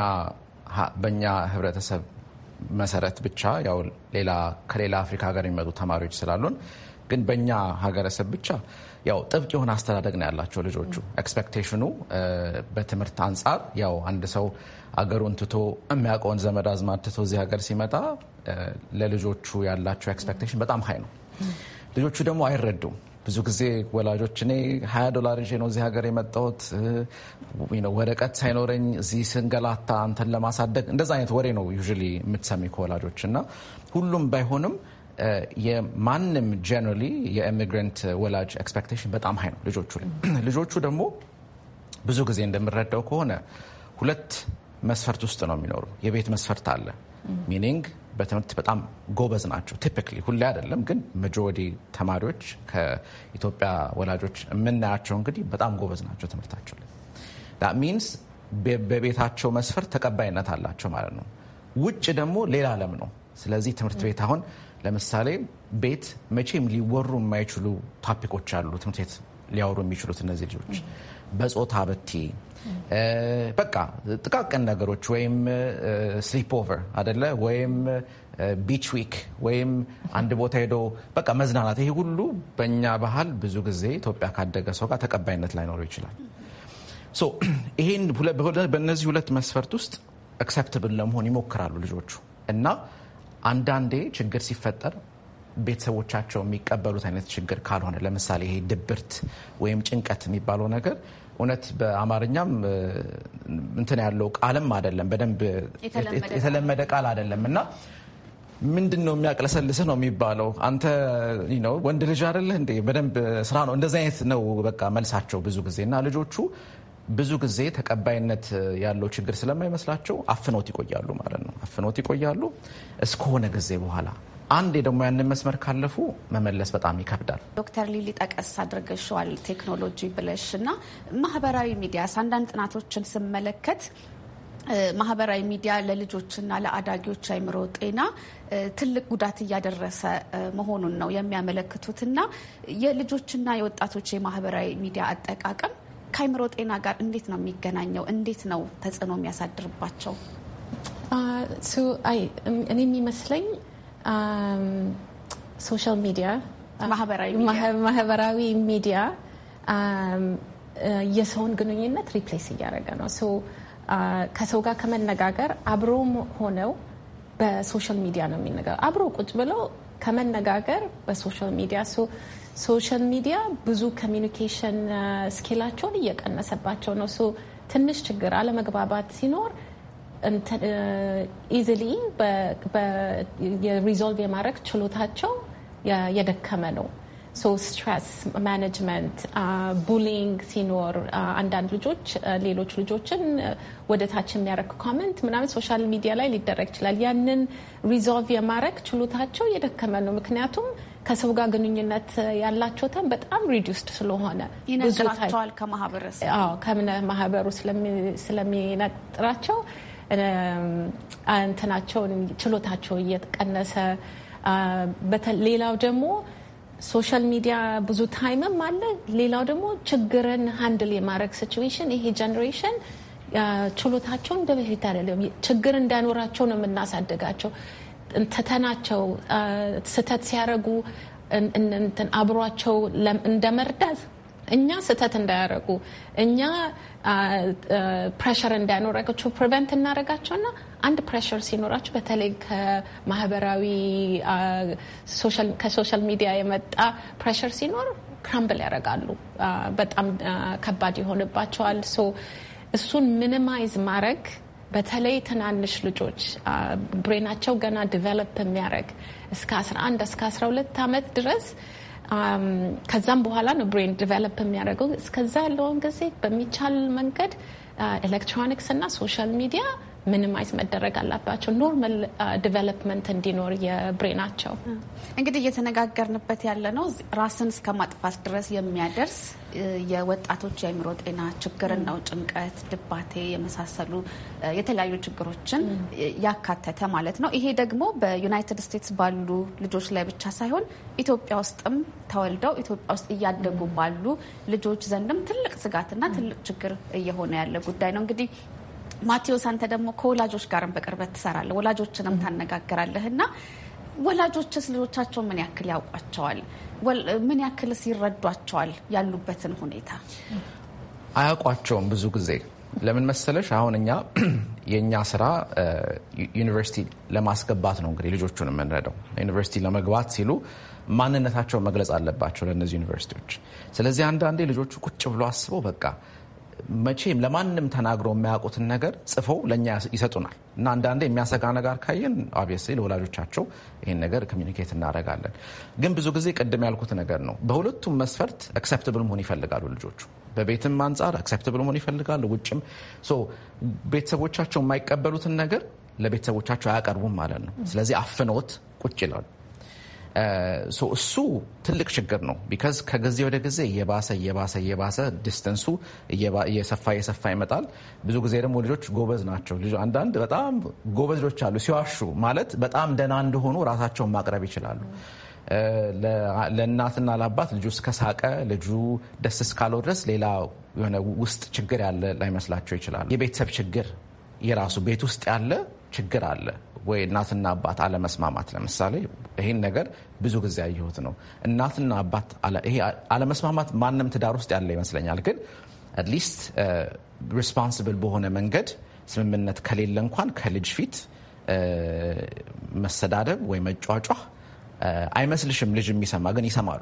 H: በእኛ ህብረተሰብ መሰረት ብቻ ያው ሌላ ከሌላ አፍሪካ ሀገር የሚመጡ ተማሪዎች ስላሉን ግን በእኛ ሀገረሰብ ብቻ ያው ጥብቅ የሆነ አስተዳደግ ነው ያላቸው ልጆቹ። ኤክስፔክቴሽኑ በትምህርት አንጻር ያው አንድ ሰው አገሩን ትቶ የሚያውቀውን ዘመድ አዝማድ ትቶ እዚህ ሀገር ሲመጣ ለልጆቹ ያላቸው ኤክስፔክቴሽን በጣም ሀይ ነው። ልጆቹ ደግሞ አይረዱም። ብዙ ጊዜ ወላጆች እኔ ሀያ ዶላር ይዤ ነው እዚህ ሀገር የመጣሁት ወረቀት ሳይኖረኝ እዚህ ስንገላታ አንተን ለማሳደግ እንደዛ አይነት ወሬ ነው ዩዥሊ የምትሰሚ ከወላጆች እና ሁሉም ባይሆንም የማንም ጀነራሊ የኢሚግራንት ወላጅ ኤክስፔክቴሽን በጣም ሀይ ነው ልጆቹ ላይ። <clears throat> ልጆቹ ደግሞ ብዙ ጊዜ እንደምረዳው ከሆነ ሁለት መስፈርት ውስጥ ነው የሚኖሩ። የቤት መስፈርት አለ ሚኒንግ በትምህርት በጣም ጎበዝ ናቸው። ቲፒክሊ ሁሌ አይደለም ግን መጆሪቲ ተማሪዎች ከኢትዮጵያ ወላጆች የምናያቸው እንግዲህ በጣም ጎበዝ ናቸው ትምህርታቸው ላይ ሚንስ በቤታቸው መስፈር ተቀባይነት አላቸው ማለት ነው። ውጭ ደግሞ ሌላ ዓለም ነው። ስለዚህ ትምህርት ቤት አሁን ለምሳሌ ቤት መቼም ሊወሩ የማይችሉ ታፒኮች አሉ ትምህርት ቤት ሊያወሩ የሚችሉት እነዚህ ልጆች በጾታ በቲ በቃ ጥቃቅን ነገሮች ወይም ስሊፕ ኦቨር አደለ ወይም ቢች ዊክ ወይም አንድ ቦታ ሄዶ በቃ መዝናናት፣ ይሄ ሁሉ በእኛ ባህል ብዙ ጊዜ ኢትዮጵያ ካደገ ሰው ጋር ተቀባይነት ላይኖረው ይችላል። ይህን በእነዚህ ሁለት መስፈርት ውስጥ አክሰፕትብል ለመሆን ይሞክራሉ ልጆቹ እና አንዳንዴ ችግር ሲፈጠር ቤተሰቦቻቸው የሚቀበሉት አይነት ችግር ካልሆነ ለምሳሌ ይሄ ድብርት ወይም ጭንቀት የሚባለው ነገር እውነት በአማርኛም እንትን ያለው ቃልም አይደለም፣ በደንብ የተለመደ ቃል አይደለም እና ምንድን ነው የሚያቅለሰልስ ነው የሚባለው። አንተ ነው ወንድ ልጅ አይደለህ እንዴ? በደንብ ስራ ነው እንደዚህ አይነት ነው በቃ መልሳቸው ብዙ ጊዜ እና ልጆቹ ብዙ ጊዜ ተቀባይነት ያለው ችግር ስለማይመስላቸው አፍኖት ይቆያሉ ማለት ነው። አፍኖት ይቆያሉ እስከሆነ ጊዜ በኋላ አንድ ደግሞ ያንን መስመር ካለፉ መመለስ በጣም ይከብዳል።
E: ዶክተር ሊሊ ጠቀስ አድርገሸዋል ቴክኖሎጂ ብለሽ እና ማህበራዊ ሚዲያስ አንዳንድ ጥናቶችን ስመለከት ማህበራዊ ሚዲያ ለልጆችና ለአዳጊዎች አይምሮ ጤና ትልቅ ጉዳት እያደረሰ መሆኑን ነው የሚያመለክቱትና የልጆችና የወጣቶች የማህበራዊ ሚዲያ አጠቃቀም ከአይምሮ ጤና ጋር እንዴት ነው የሚገናኘው? እንዴት ነው ተጽዕኖ የሚያሳድርባቸው?
G: እኔ የሚመስለኝ ሶሻል um, ሚዲያ uh, ማህበራዊ ሚዲያ um, uh, የሰውን ግንኙነት ሪፕሌስ እያደረገ ነው። uh, ከሰው ጋር ከመነጋገር አብሮ ሆነው በሶሻል ሚዲያ ነው የሚነጋገር አብሮ ቁጭ ብለው ከመነጋገር በሶሻል ሚዲያ ሶሻል ሚዲያ ብዙ ኮሚኒኬሽን ስኪላቸውን እየቀነሰባቸው ነው። ትንሽ ችግር አለመግባባት ሲኖር ኢዝሊ የሪዞልቭ የማድረግ ችሎታቸው የደከመ ነው። ሶ ስትረስ ማኔጅመንት ቡሊንግ ሲኖር አንዳንድ ልጆች ሌሎች ልጆችን ወደ ታች የሚያደርግ ኮመንት ምናምን ሶሻል ሚዲያ ላይ ሊደረግ ይችላል። ያንን ሪዞልቭ የማድረግ ችሎታቸው የደከመ ነው። ምክንያቱም ከሰው ጋር ግንኙነት ያላቸው ተን በጣም ሪዲስድ ስለሆነ ይነጥራቸዋል
E: ከማህበረሰብ
G: ማህበሩ ስለሚነጥራቸው እንትናቸውን ችሎታቸው እየቀነሰ ሌላው ደግሞ ሶሻል ሚዲያ ብዙ ታይምም አለ። ሌላው ደግሞ ችግርን ሀንድል የማድረግ ሲትዌሽን ይሄ ጀኔሬሽን ችሎታቸውን እንደ በፊት አይደለም። ችግር እንዳይኖራቸው ነው የምናሳደጋቸው። ትተናቸው ስህተት ሲያደርጉ አብሯቸው እንደመርዳት እኛ ስህተት እንዳያደረጉ እኛ ፕሬሽር እንዳይኖራቸው ፕሪቨንት ና አንድ ፕሬሽር ሲኖራቸው በተለይ ከማህበራዊ ከሶሻል ሚዲያ የመጣ ፕሬሽር ሲኖር ክራምብል ያደርጋሉ። በጣም ከባድ ይሆንባቸዋል። ሶ እሱን ሚኒማይዝ ማድረግ በተለይ ትናንሽ ልጆች ብሬናቸው ገና ዲቨሎፕ የሚያደርግ እስከ 11 እስከ 12 ዓመት ድረስ ከዛም በኋላ ነው ብሬን ዲቨሎፕ የሚያደርገው። እስከዛ ያለውን ጊዜ በሚቻል መንገድ ኤሌክትሮኒክስ እና ሶሻል ሚዲያ ምኒማይዝ መደረግ
E: አላባቸው ኖርማል ዲቨሎፕመንት uh, እንዲኖር የብሬናቸው። እንግዲህ እየተነጋገርንበት ያለ ነው ራስን እስከ ማጥፋት ድረስ የሚያደርስ የወጣቶች የአእምሮ ጤና ችግር ነው። ጭንቀት፣ ድባቴ የመሳሰሉ የተለያዩ ችግሮችን ያካተተ ማለት ነው። ይሄ ደግሞ በዩናይትድ ስቴትስ ባሉ ልጆች ላይ ብቻ ሳይሆን ኢትዮጵያ ውስጥም ተወልደው ኢትዮጵያ ውስጥ እያደጉ ባሉ ልጆች ዘንድም ትልቅ ስጋትና ትልቅ ችግር እየሆነ ያለ ጉዳይ ነው እንግዲህ ማቴዎስ አንተ ደግሞ ከወላጆች ጋርም በቅርበት ትሰራለህ፣ ወላጆችንም ታነጋግራለህ እና ወላጆችስ ልጆቻቸው ምን ያክል ያውቋቸዋል? ምን ያክልስ ይረዷቸዋል? ያሉበትን ሁኔታ
H: አያውቋቸውም። ብዙ ጊዜ ለምን መሰለሽ፣ አሁን እኛ <clears throat> የእኛ ስራ ዩኒቨርሲቲ ለማስገባት ነው። እንግዲህ ልጆቹን የምንረዳው ዩኒቨርሲቲ ለመግባት ሲሉ ማንነታቸውን መግለጽ አለባቸው ለእነዚህ ዩኒቨርሲቲዎች። ስለዚህ አንዳንዴ ልጆቹ ቁጭ ብሎ አስበው በቃ መቼም ለማንም ተናግረው የሚያውቁትን ነገር ጽፈው ለእኛ ይሰጡናል እና አንዳንዴ የሚያሰጋ ነገር ካየን አብስ ለወላጆቻቸው ይህን ነገር ኮሚኒኬት እናደርጋለን። ግን ብዙ ጊዜ ቅድም ያልኩት ነገር ነው። በሁለቱም መስፈርት አክሰፕትብል መሆን ይፈልጋሉ ልጆቹ። በቤትም አንጻር አክሰፕትብል መሆን ይፈልጋሉ፣ ውጭም ቤተሰቦቻቸው የማይቀበሉትን ነገር ለቤተሰቦቻቸው አያቀርቡም ማለት ነው። ስለዚህ አፍኖት ቁጭ ይላሉ። እሱ ትልቅ ችግር ነው። ቢካዝ ከጊዜ ወደ ጊዜ እየባሰ እየባሰ እየባሰ ዲስተንሱ እየሰፋ እየሰፋ ይመጣል። ብዙ ጊዜ ደግሞ ልጆች ጎበዝ ናቸው። አንዳንድ በጣም ጎበዝ ልጆች አሉ። ሲዋሹ ማለት በጣም ደህና እንደሆኑ ራሳቸውን ማቅረብ ይችላሉ። ለእናትና ለአባት ልጁ እስከሳቀ ልጁ ደስ እስካለው ድረስ ሌላ የሆነ ውስጥ ችግር ያለ ላይመስላቸው ይችላሉ። የቤተሰብ ችግር የራሱ ቤት ውስጥ ያለ ችግር አለ ወይ እናትና አባት አለመስማማት፣ ለምሳሌ ይህን ነገር ብዙ ጊዜ ያየሁት ነው። እናትና አባት አለመስማማት ማንም ትዳር ውስጥ ያለ ይመስለኛል። ግን አትሊስት ሪስፖንስብል uh, በሆነ መንገድ ስምምነት ከሌለ እንኳን ከልጅ ፊት uh, መሰዳደብ ወይ መጫጫህ uh, አይመስልሽም። ልጅ የሚሰማ ግን ይሰማሉ።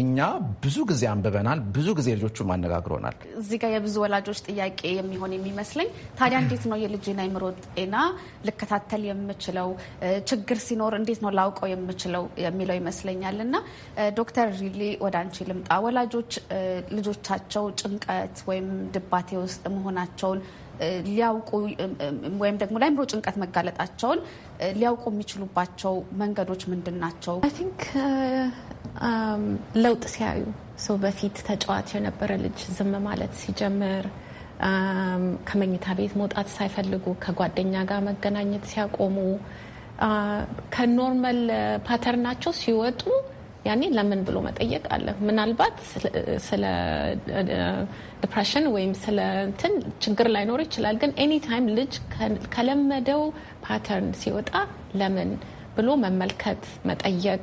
H: እኛ ብዙ ጊዜ አንብበናል፣ ብዙ ጊዜ ልጆቹ አነጋግሮናል።
E: እዚህ ጋር የብዙ ወላጆች ጥያቄ የሚሆን የሚመስለኝ ታዲያ እንዴት ነው የልጅን አይምሮ ጤና ልከታተል የምችለው? ችግር ሲኖር እንዴት ነው ላውቀው የምችለው የሚለው ይመስለኛል። እና ዶክተር ሪሊ ወደ አንቺ ልምጣ። ወላጆች ልጆቻቸው ጭንቀት ወይም ድባቴ ውስጥ መሆናቸውን ሊያውቁ ወይም ደግሞ ለአይምሮ ጭንቀት መጋለጣቸውን ሊያውቁ የሚችሉባቸው መንገዶች ምንድን ናቸው?
G: ለውጥ ሲያዩ ሰው በፊት ተጫዋች የነበረ ልጅ ዝም ማለት ሲጀምር፣ ከመኝታ ቤት መውጣት ሳይፈልጉ ከጓደኛ ጋር መገናኘት ሲያቆሙ፣ ከኖርመል ፓተርናቸው ሲወጡ ያኔ ለምን ብሎ መጠየቅ አለ። ምናልባት ስለ ዲፕሬሽን ወይም ስለ እንትን ችግር ላይኖር ይችላል። ግን ኤኒ ታይም ልጅ ከለመደው ፓተርን ሲወጣ ለምን ብሎ መመልከት፣ መጠየቅ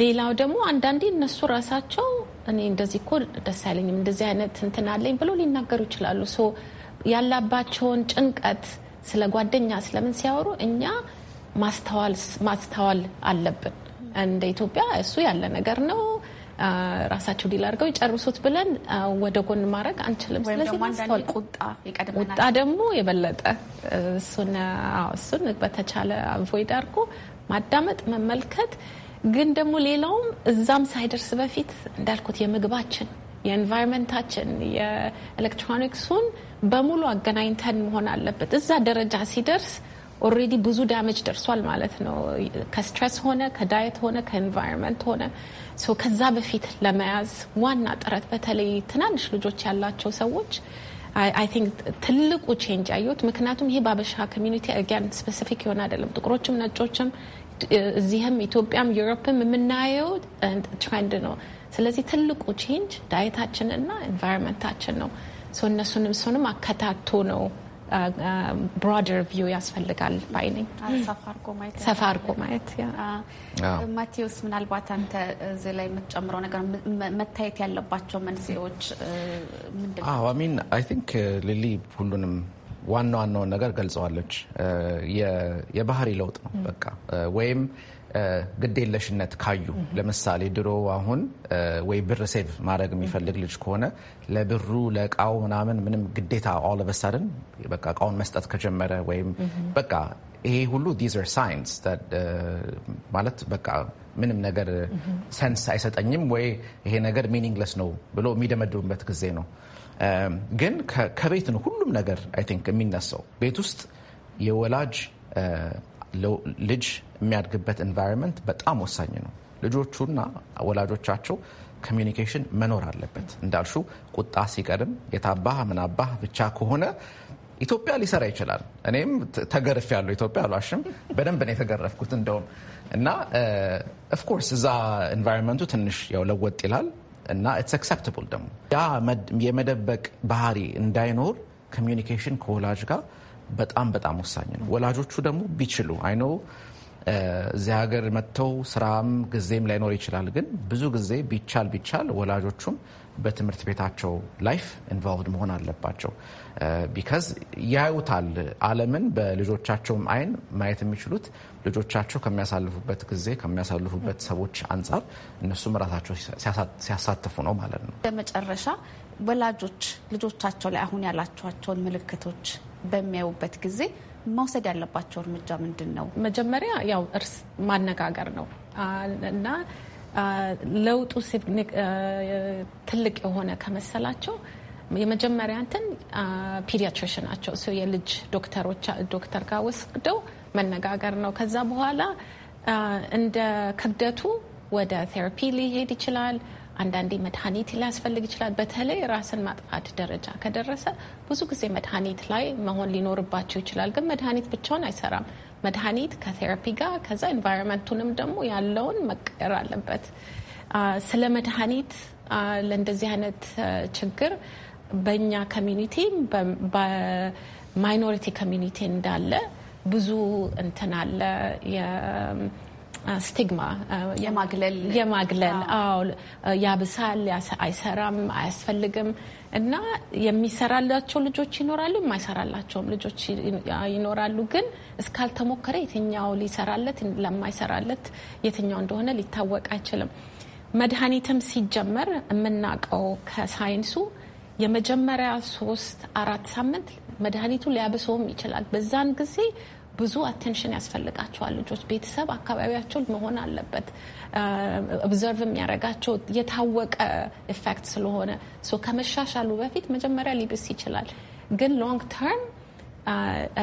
G: ሌላው ደግሞ አንዳንዴ እነሱ ራሳቸው እኔ እንደዚህ እኮ ደስ አይለኝም እንደዚህ አይነት እንትን አለኝ ብሎ ሊናገሩ ይችላሉ። ሶ ያላባቸውን ጭንቀት ስለ ጓደኛ ስለምን ሲያወሩ እኛ ማስተዋል አለብን። እንደ ኢትዮጵያ እሱ ያለ ነገር ነው። ራሳቸው ዲል አድርገው ይጨርሱት ብለን ወደ ጎን ማድረግ አንችልም። ስለዚህ ማስተዋል፣
E: ቁጣ
G: ደግሞ የበለጠ እሱን በተቻለ አቮይድ አድርጎ ማዳመጥ፣ መመልከት ግን ደግሞ ሌላውም እዛም ሳይደርስ በፊት እንዳልኩት የምግባችን፣ የኤንቫይሮንመንታችን፣ የኤሌክትሮኒክሱን በሙሉ አገናኝተን መሆን አለበት። እዛ ደረጃ ሲደርስ ኦልሬዲ ብዙ ዳመጅ ደርሷል ማለት ነው። ከስትረስ ሆነ ከዳየት ሆነ ከኤንቫይሮንመንት ሆነ ከዛ በፊት ለመያዝ ዋና ጥረት በተለይ ትናንሽ ልጆች ያላቸው ሰዎች አይ ቲንክ ትልቁ ቼንጅ አየሁት። ምክንያቱም ይሄ በአበሻ ኮሚኒቲ አጋን ስፔሲፊክ የሆነ አይደለም። ጥቁሮችም ነጮችም፣ እዚህም ኢትዮጵያም ዩሮፕም የምናየው ትሬንድ ነው። ስለዚህ ትልቁ ቼንጅ ዳየታችንና ኤንቫይሮንመንታችን ነው። እነሱንም ሰውንም አከታቶ ነው ብሮደር ቪው ያስፈልጋል ባይ ነኝ።
E: ሰፋ ማየት። ማቴዎስ፣ ምናልባት አንተ እዚ ላይ የምትጨምረው ነገር መታየት ያለባቸው መንስኤዎች ምንድን
H: ነው? አይ ቲንክ ሊሊ ሁሉንም ዋና ዋናውን ነገር ገልጸዋለች። የባህሪ ለውጥ ነው በቃ ወይም ግዴለሽነት ካዩ ለምሳሌ ድሮ አሁን ወይ ብር ሴቭ ማድረግ የሚፈልግ ልጅ ከሆነ ለብሩ ለእቃው ምናምን ምንም ግዴታ አለበሳድን በቃ እቃውን መስጠት ከጀመረ ወይም በቃ ይሄ ሁሉ ዲዝ አር ሳይንስ ማለት በቃ ምንም ነገር ሰንስ አይሰጠኝም ወይ ይሄ ነገር ሚኒንግለስ ነው ብሎ የሚደመድቡበት ጊዜ ነው። ግን ከቤት ነው ሁሉም ነገር አይ ቲንክ የሚነሳው ቤት ውስጥ የወላጅ ልጅ የሚያድግበት ኢንቫይሮንመንት በጣም ወሳኝ ነው። ልጆቹና ወላጆቻቸው ኮሚኒኬሽን መኖር አለበት። እንዳልሹ ቁጣ ሲቀድም የታባህ ምናባህ ብቻ ከሆነ ኢትዮጵያ ሊሰራ ይችላል። እኔም ተገርፍ ያለው ኢትዮጵያ አሏሽም በደንብ ነው የተገረፍኩት እንደውም እና ኦፍኮርስ እዛ ኢንቫይሮንመንቱ ትንሽ ያው ለወጥ ይላል እና ኢትስ አክሰፕታብል ደግሞ ያ የመደበቅ ባህሪ እንዳይኖር ኮሚኒኬሽን ከወላጅ ጋር በጣም በጣም ወሳኝ ነው። ወላጆቹ ደግሞ ቢችሉ አይኖ እዚህ ሀገር መጥተው ስራም ጊዜም ላይኖር ይችላል። ግን ብዙ ጊዜ ቢቻል ቢቻል ወላጆቹም በትምህርት ቤታቸው ላይፍ ኢንቮልቭድ መሆን አለባቸው። ቢካዝ ያዩታል ዓለምን በልጆቻቸውም አይን ማየት የሚችሉት ልጆቻቸው ከሚያሳልፉበት ጊዜ ከሚያሳልፉበት ሰዎች አንጻር እነሱም ራሳቸው ሲያሳትፉ ነው ማለት ነው።
E: በመጨረሻ ወላጆች ልጆቻቸው ላይ አሁን ያላቸዋቸውን ምልክቶች በሚያዩበት ጊዜ መውሰድ ያለባቸው እርምጃ ምንድን ነው? መጀመሪያ ያው እርስ ማነጋገር ነው
G: እና ለውጡ ትልቅ የሆነ ከመሰላቸው የመጀመሪያ እንትን ፒዲያትሪሽን ናቸው የልጅ ዶክተሮች ዶክተር ጋር ወስደው መነጋገር ነው። ከዛ በኋላ እንደ ክብደቱ ወደ ቴራፒ ሊሄድ ይችላል አንዳንዴ መድኃኒት ሊያስፈልግ ይችላል። በተለይ ራስን ማጥፋት ደረጃ ከደረሰ ብዙ ጊዜ መድኃኒት ላይ መሆን ሊኖርባቸው ይችላል። ግን መድኃኒት ብቻውን አይሰራም። መድኃኒት ከቴራፒ ጋር ከዛ ኤንቫይሮንመንቱንም ደግሞ ያለውን መቀየር አለበት። ስለ መድኃኒት ለእንደዚህ አይነት ችግር በእኛ ኮሚኒቲ በማይኖሪቲ ኮሚኒቲ እንዳለ ብዙ እንትን አለ ስቲግማ የማግለል የማግለል አዎ፣ ያብሳል፣ አይሰራም፣ አያስፈልግም እና የሚሰራላቸው ልጆች ይኖራሉ፣ የማይሰራላቸውም ልጆች ይኖራሉ። ግን እስካልተሞከረ የትኛው ሊሰራለት ለማይሰራለት የትኛው እንደሆነ ሊታወቅ አይችልም። መድኃኒትም ሲጀመር የምናውቀው ከሳይንሱ የመጀመሪያ ሶስት አራት ሳምንት መድኃኒቱ ሊያብሰውም ይችላል። በዛን ጊዜ ብዙ አቴንሽን ያስፈልጋቸዋል ልጆች። ቤተሰብ አካባቢያቸው መሆን አለበት። ኦብዘርቭ የሚያደርጋቸው የታወቀ ኢፌክት ስለሆነ ከመሻሻሉ በፊት መጀመሪያ ሊብስ ይችላል። ግን ሎንግ ተርም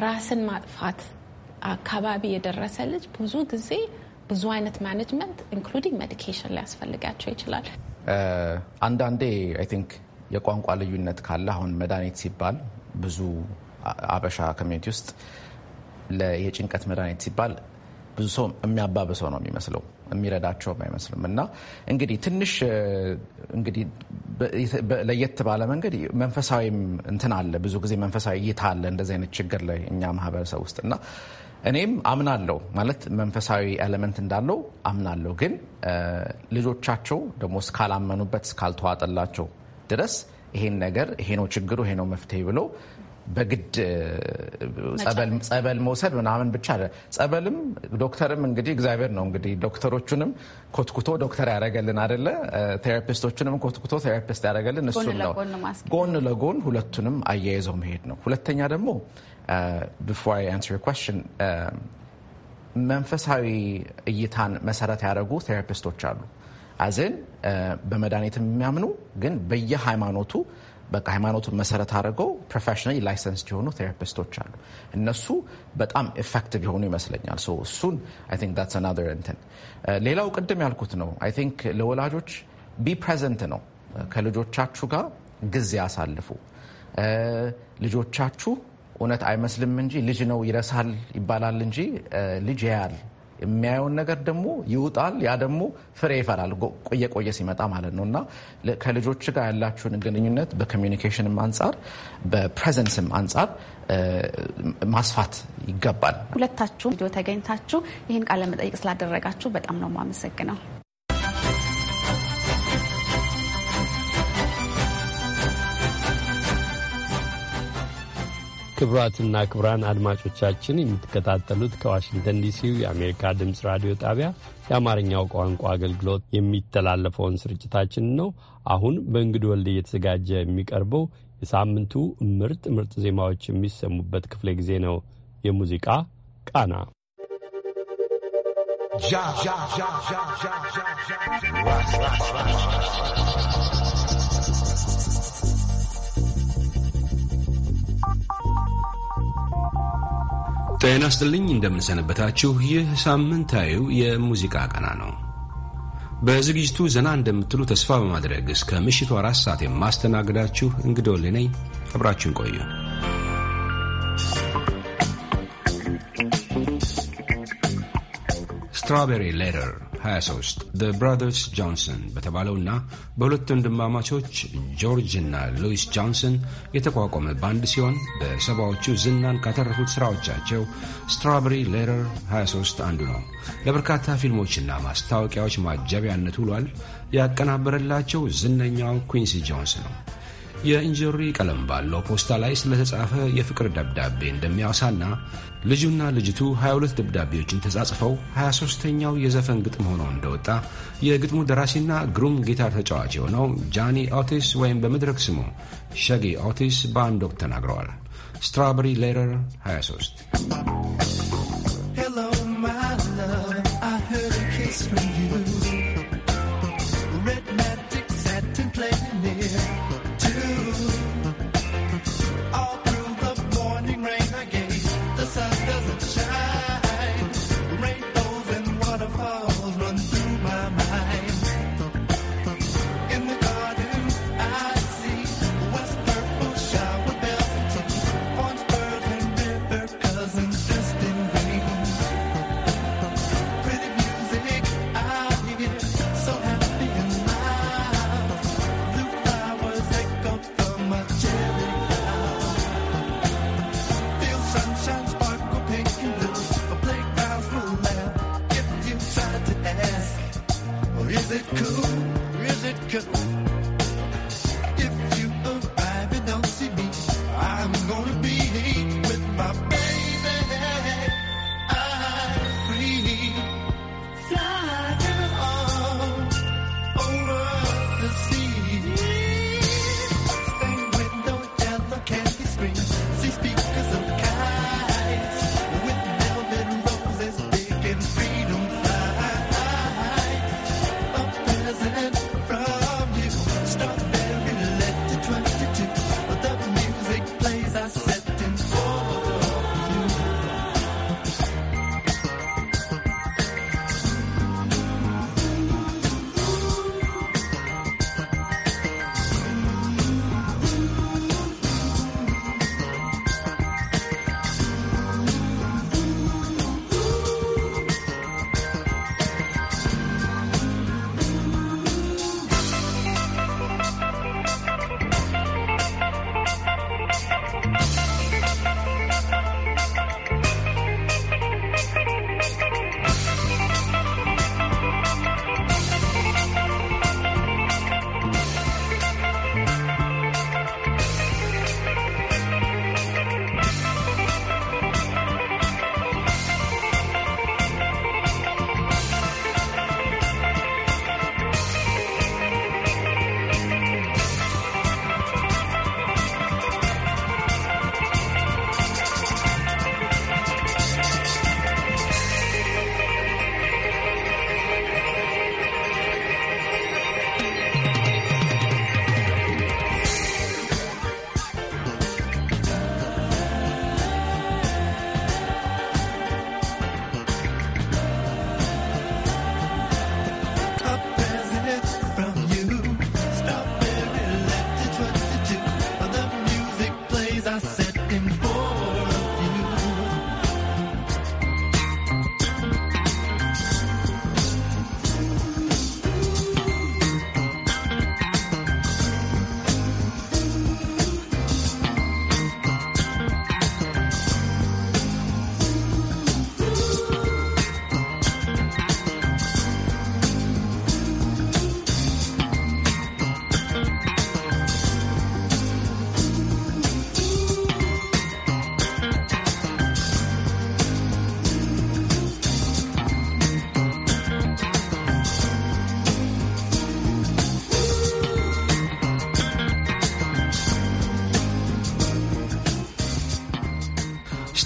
G: ራስን ማጥፋት አካባቢ የደረሰ ልጅ ብዙ ጊዜ ብዙ አይነት ማኔጅመንት ኢንክሉዲንግ ሜዲኬሽን ሊያስፈልጋቸው ይችላል።
H: አንዳንዴ አይ ቲንክ የቋንቋ ልዩነት ካለ አሁን መድኃኒት ሲባል ብዙ አበሻ ኮሚኒቲ ውስጥ የጭንቀት መድኃኒት ሲባል ብዙ ሰው የሚያባብሰው ነው የሚመስለው የሚረዳቸው አይመስልም። እና እንግዲህ ትንሽ እንግዲህ ለየት ባለ መንገድ መንፈሳዊም እንትን አለ ብዙ ጊዜ መንፈሳዊ እይታ አለ እንደዚህ አይነት ችግር ላይ እኛ ማህበረሰብ ውስጥ እና እኔም አምናለሁ ማለት መንፈሳዊ ኤለመንት እንዳለው አምናለሁ። ግን ልጆቻቸው ደግሞ እስካላመኑበት እስካልተዋጠላቸው ድረስ ይሄን ነገር ይሄ ነው ችግሩ ይሄ ነው መፍትሄ ብለው በግድ ጸበል መውሰድ ምናምን ብቻ አለ ጸበልም ዶክተርም እንግዲህ እግዚአብሔር ነው እንግዲህ ዶክተሮቹንም ኮትኩቶ ዶክተር ያደረገልን አደለ? ቴራፒስቶቹንም ኮትኩቶ ቴራፒስት ያደረገልን እሱን ነው። ጎን ለጎን ሁለቱንም አያይዘው መሄድ ነው። ሁለተኛ ደግሞ ቢፎር አይ አንሰር ዮር ኳስችን መንፈሳዊ እይታን መሰረት ያደረጉ ቴራፒስቶች አሉ። አዝን በመድኃኒትም የሚያምኑ ግን በየሃይማኖቱ በቃ ሃይማኖቱን መሰረት አድርገው ፕሮፌሽናል ላይሰንስ የሆኑ ቴራፒስቶች አሉ። እነሱ በጣም ኤፌክቲቭ የሆኑ ይመስለኛል። እሱን እንትን uh, ሌላው ቅድም ያልኩት ነው። አይ ቲንክ ለወላጆች ቢ ፕሬዘንት ነው። ከልጆቻችሁ ጋር ጊዜ አሳልፉ። uh, ልጆቻችሁ እውነት አይመስልም እንጂ ልጅ ነው ይረሳል ይባላል እንጂ uh, ልጅ ያያል የሚያየውን ነገር ደግሞ ይውጣል። ያ ደግሞ ፍሬ ይፈራል ቆየ ቆየ ሲመጣ ማለት ነው እና ከልጆች ጋር ያላችሁን ግንኙነት በኮሚኒኬሽንም አንጻር በፕሬዘንስም አንጻር ማስፋት ይገባል።
E: ሁለታችሁም ተገኝታችሁ ይህን ቃለ መጠይቅ ስላደረጋችሁ በጣም ነው የማመሰግነው።
A: ክቡራትና ክቡራን አድማጮቻችን የምትከታተሉት ከዋሽንግተን ዲሲው የአሜሪካ ድምፅ ራዲዮ ጣቢያ የአማርኛው ቋንቋ አገልግሎት የሚተላለፈውን ስርጭታችን ነው። አሁን በእንግድ ወልድ እየተዘጋጀ የሚቀርበው የሳምንቱ ምርጥ ምርጥ ዜማዎች የሚሰሙበት ክፍለ ጊዜ ነው። የሙዚቃ ቃና
I: ጤና ስጥልኝ እንደምንሰነበታችሁ። ይህ ሳምንታዊው የሙዚቃ ቀና ነው። በዝግጅቱ ዘና እንደምትሉ ተስፋ በማድረግ እስከ ምሽቱ አራት ሰዓት የማስተናግዳችሁ እንግዶል ነኝ። አብራችሁን ቆዩ። ስትራቤሪ ሌተር 23 ዘ ብራዘርስ ጆንሰን በተባለውና በሁለት ወንድማማቾች ጆርጅ እና ሉዊስ ጆንሰን የተቋቋመ ባንድ ሲሆን በሰባዎቹ ዝናን ካተረፉት ሥራዎቻቸው ስትራበሪ ሌተር 23 አንዱ ነው። ለበርካታ ፊልሞችና ማስታወቂያዎች ማጀቢያነት ውሏል። ያቀናበረላቸው ዝነኛው ኩንሲ ጆንስ ነው። የእንጆሪ ቀለም ባለው ፖስታ ላይ ስለተጻፈ የፍቅር ደብዳቤ እንደሚያወሳና ልጁና ልጅቱ 22 ደብዳቤዎችን ተጻጽፈው 23ኛው የዘፈን ግጥም ሆኖ እንደወጣ የግጥሙ ደራሲና ግሩም ጊታር ተጫዋች የሆነው ጃኒ ኦቲስ ወይም በመድረክ ስሙ ሸጌ ኦቲስ በአንድ ወቅት ተናግረዋል። ስትራበሪ ሌረር 23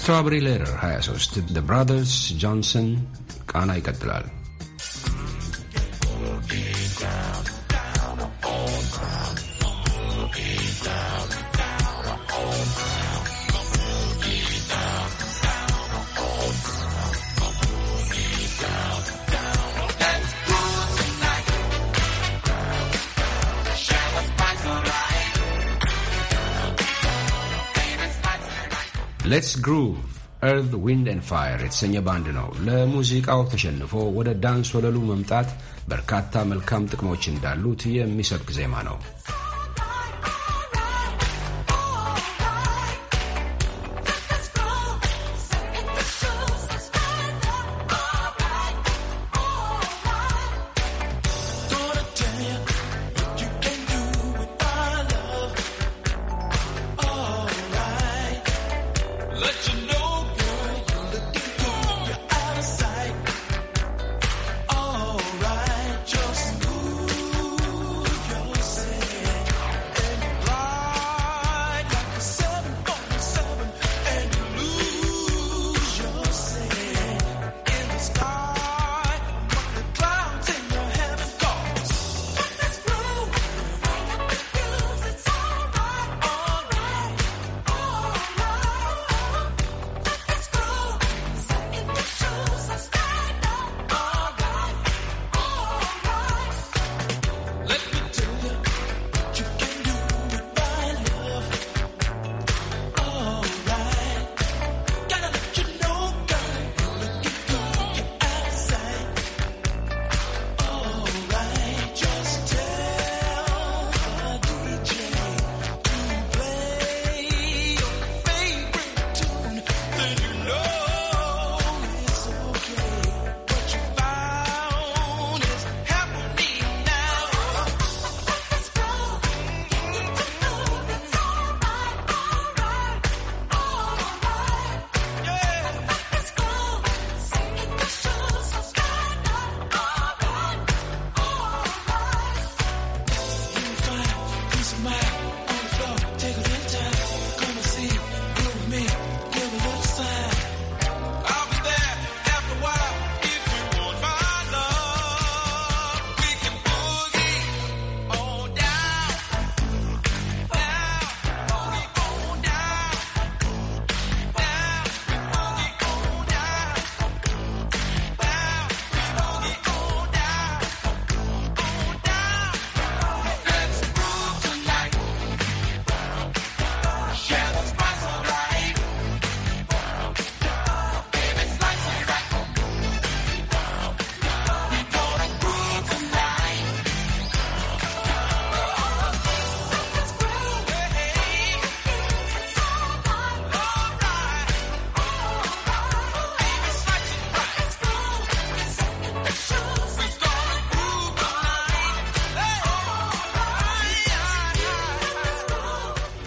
I: ስትራበሪ ሌደር 23 ዘ ብራዘርስ ጆንሰን ቃና ይቀጥላል። ግሩቭ ኤርዝ ዊንድ ኤንድ ፋየር የተሰኘ ባንድ ነው። ለሙዚቃው ተሸንፎ ወደ ዳንስ ወለሉ መምጣት በርካታ መልካም ጥቅሞች እንዳሉት የሚሰብክ ዜማ ነው።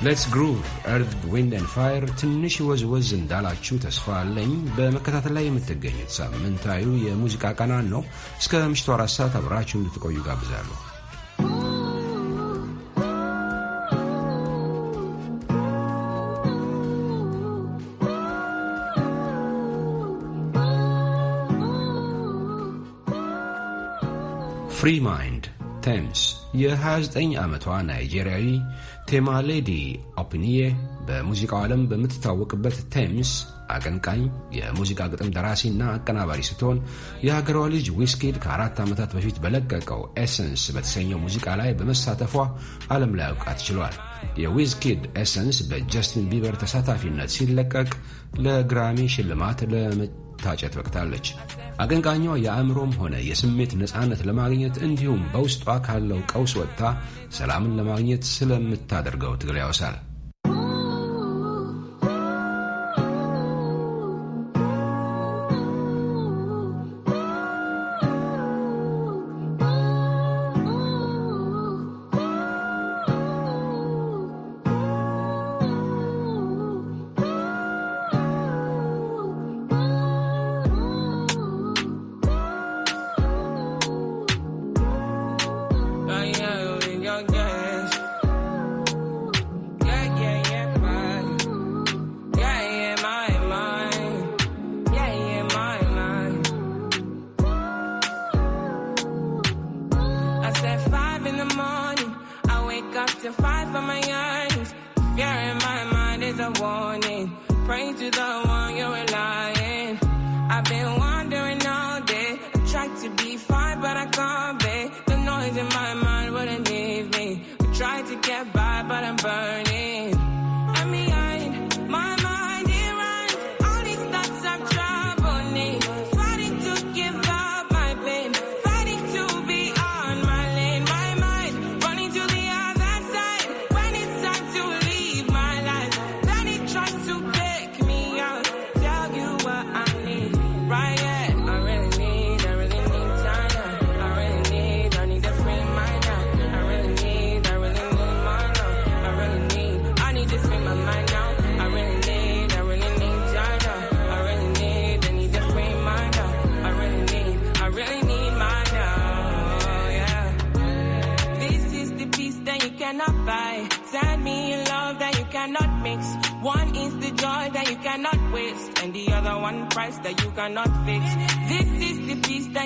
I: ሌትስ ግሩቭ ኤርዝ ዊንድ ኤንድ ፋየር ትንሽ ወዝወዝ እንዳላችሁ ተስፋ አለኝ። በመከታተል ላይ የምትገኙት ሳምንታዊ የሙዚቃ ቀናን ነው። እስከ ምሽቱ አራት ሰዓት አብራችሁ እንድትቆዩ ጋብዛለሁ። ፍሪ ማይንድ ቴምስ የ29 ዓመቷ ናይጄሪያዊ ቴማ ሌዲ ኦፒኒዬ በሙዚቃው ዓለም በምትታወቅበት ቴምስ አቀንቃኝ፣ የሙዚቃ ግጥም ደራሲና አቀናባሪ ስትሆን የሀገሯ ልጅ ዊስኪድ ከአራት ዓመታት በፊት በለቀቀው ኤሰንስ በተሰኘው ሙዚቃ ላይ በመሳተፏ ዓለም ላይ አውቃት ችሏል። የዊዝኪድ ኤሰንስ በጀስቲን ቢበር ተሳታፊነት ሲለቀቅ ለግራሚ ሽልማት ለመ ታጨት በቅታለች። አቀንቃኟ የአእምሮም ሆነ የስሜት ነፃነት ለማግኘት እንዲሁም በውስጧ ካለው ቀውስ ወጥታ ሰላምን ለማግኘት ስለምታደርገው ትግል ያወሳል።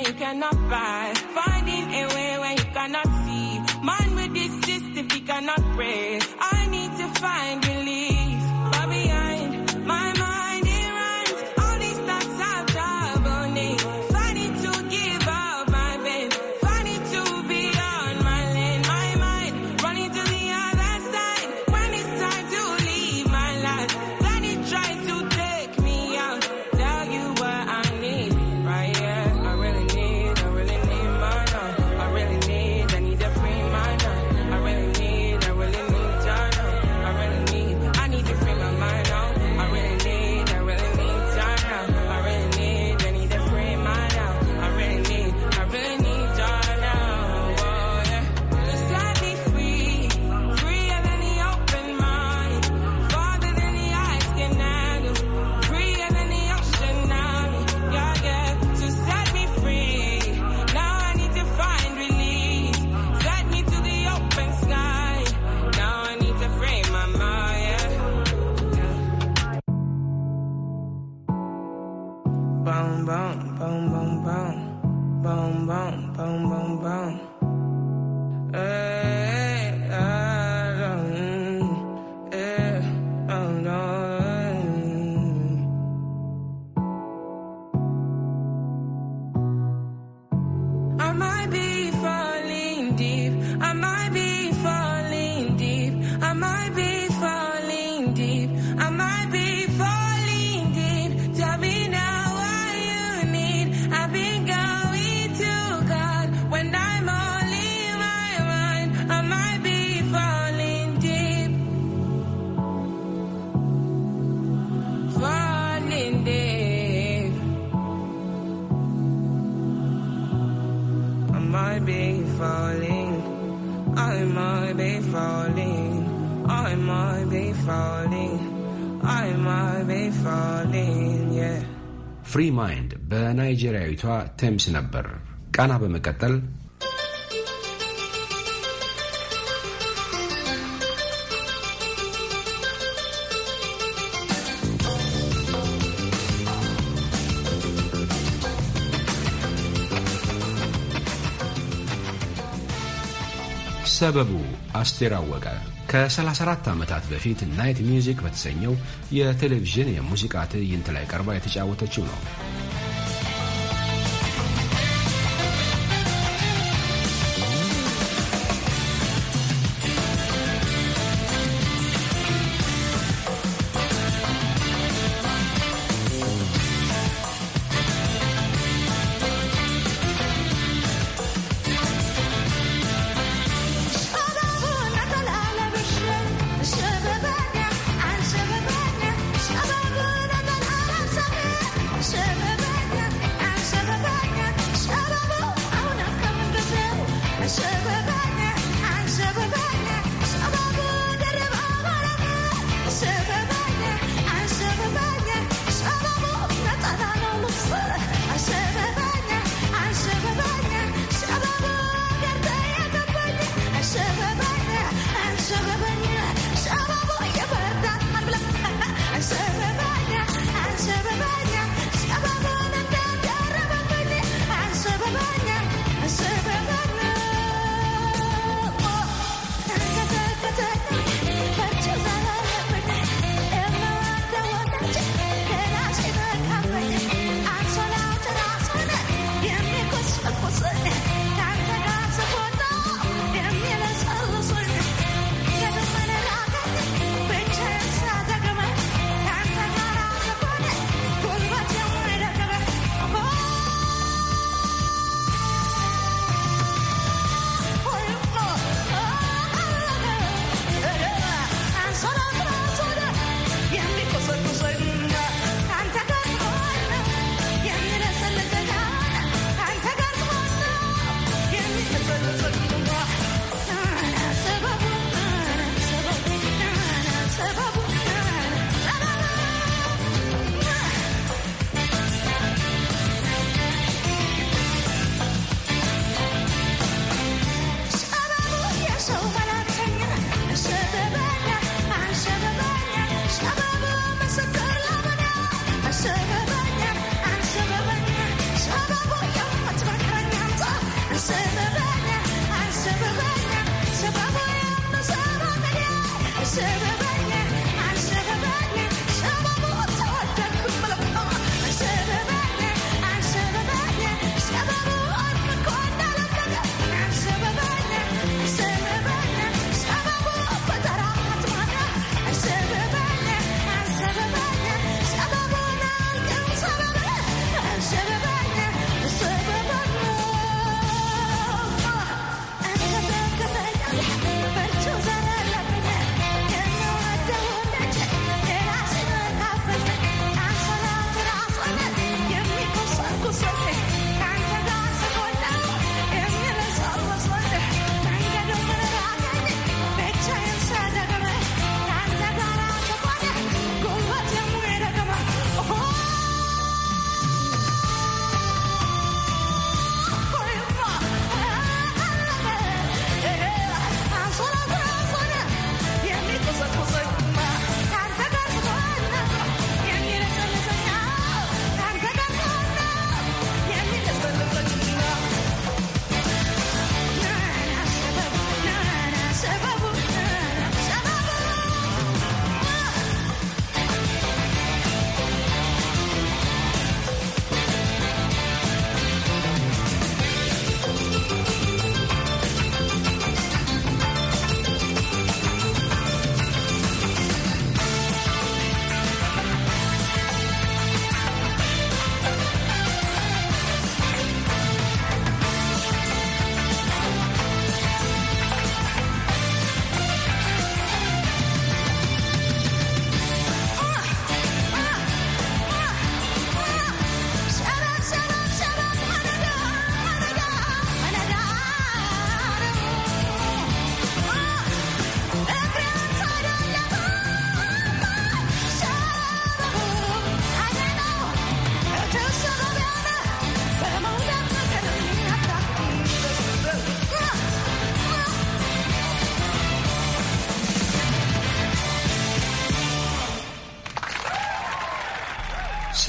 J: you cannot buy. Finding a way when you cannot see. Man with this system, he cannot pray. falling, I might be falling, I might be falling, yeah.
I: ፍሪ ማይንድ በናይጄሪያዊቷ ቴምስ ነበር። ቃና በመቀጠል ሰበቡ አስቴር አወቀ ከ34 ዓመታት በፊት ናይት ሚውዚክ በተሰኘው የቴሌቪዥን የሙዚቃ ትዕይንት ላይ ቀርባ የተጫወተችው ነው።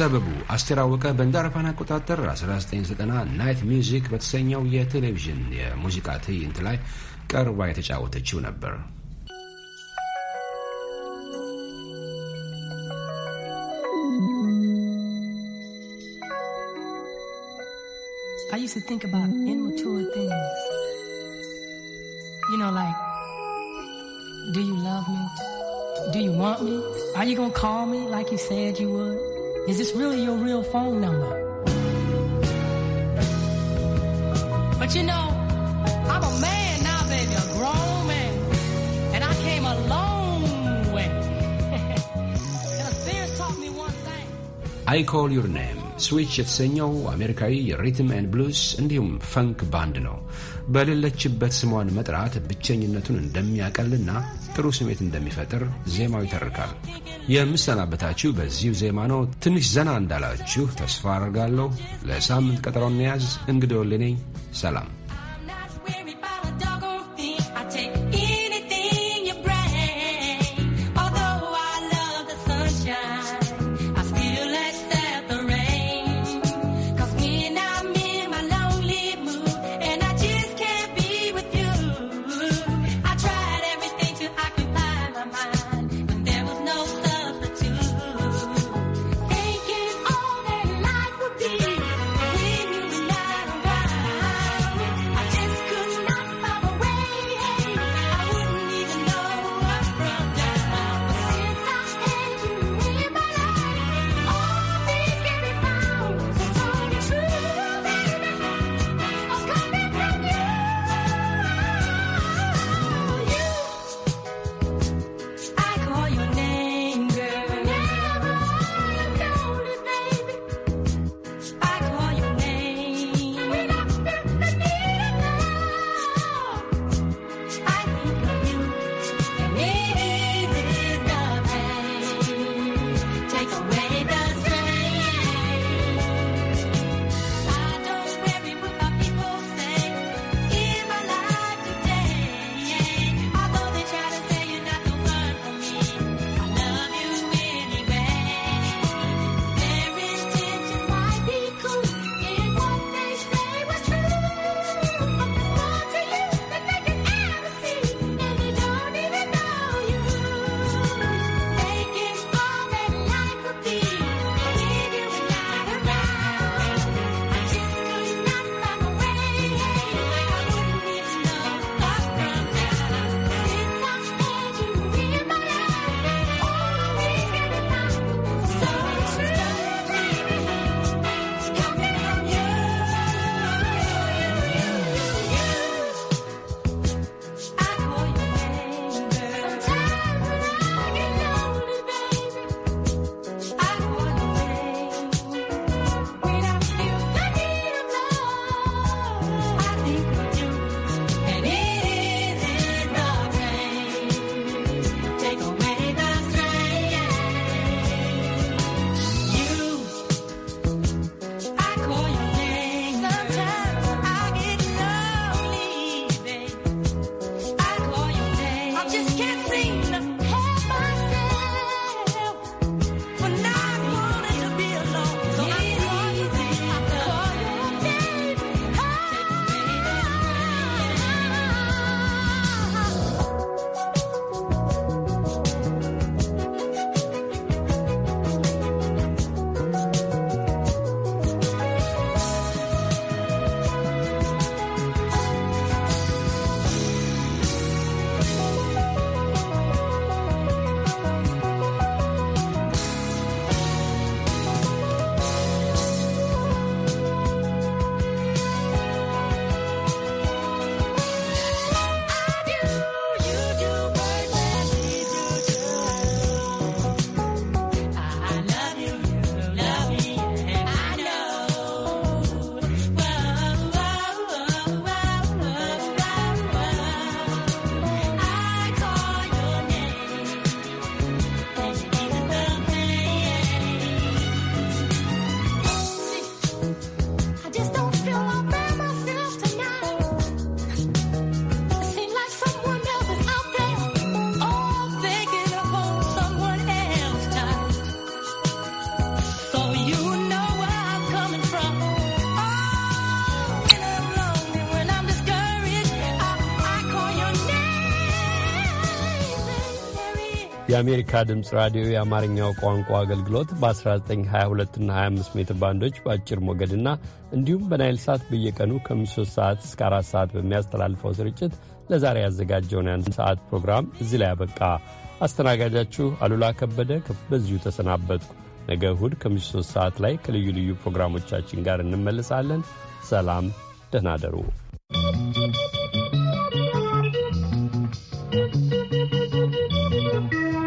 I: አቆጣጠር 1990 ናይት ሚውዚክ በተሰኘው የቴሌቪዥን የሙዚቃ ትዕይንት ላይ ቀርባ የተጫወተችው ነበር።
B: I used to think about immature things.
J: You know, like, do you love me? Do you want me? Are you gonna call me like you said you would? Is this really your real phone number? But you know, I'm a man now, baby, a grown man. And I came a long
K: way. and a taught me one thing.
I: I call your name. ስዊች የተሰኘው አሜሪካዊ የሪትም ኤንድ ብሉስ እንዲሁም ፈንክ ባንድ ነው። በሌለችበት ስሟን መጥራት ብቸኝነቱን እንደሚያቀልና ጥሩ ስሜት እንደሚፈጥር ዜማው ይተርካል። የምሰናበታችሁ በዚሁ ዜማ ነው። ትንሽ ዘና እንዳላችሁ ተስፋ አድርጋለሁ። ለሳምንት ቀጠሮ እንያዝ። እንግዲህ ወልኔኝ ሰላም
A: የአሜሪካ ድምፅ ራዲዮ የአማርኛው ቋንቋ አገልግሎት በ1922 እና 25 ሜትር ባንዶች በአጭር ሞገድና እንዲሁም በናይል ሳት በየቀኑ ከ3 ሰዓት እስከ 4 ሰዓት በሚያስተላልፈው ስርጭት ለዛሬ ያዘጋጀውን የአንድ ሰዓት ፕሮግራም እዚህ ላይ ያበቃ። አስተናጋጃችሁ አሉላ ከበደ በዚሁ ተሰናበትኩ። ነገ እሁድ ከ3 ሰዓት ላይ ከልዩ ልዩ ፕሮግራሞቻችን ጋር እንመልሳለን። ሰላም፣ ደህና ደሩ።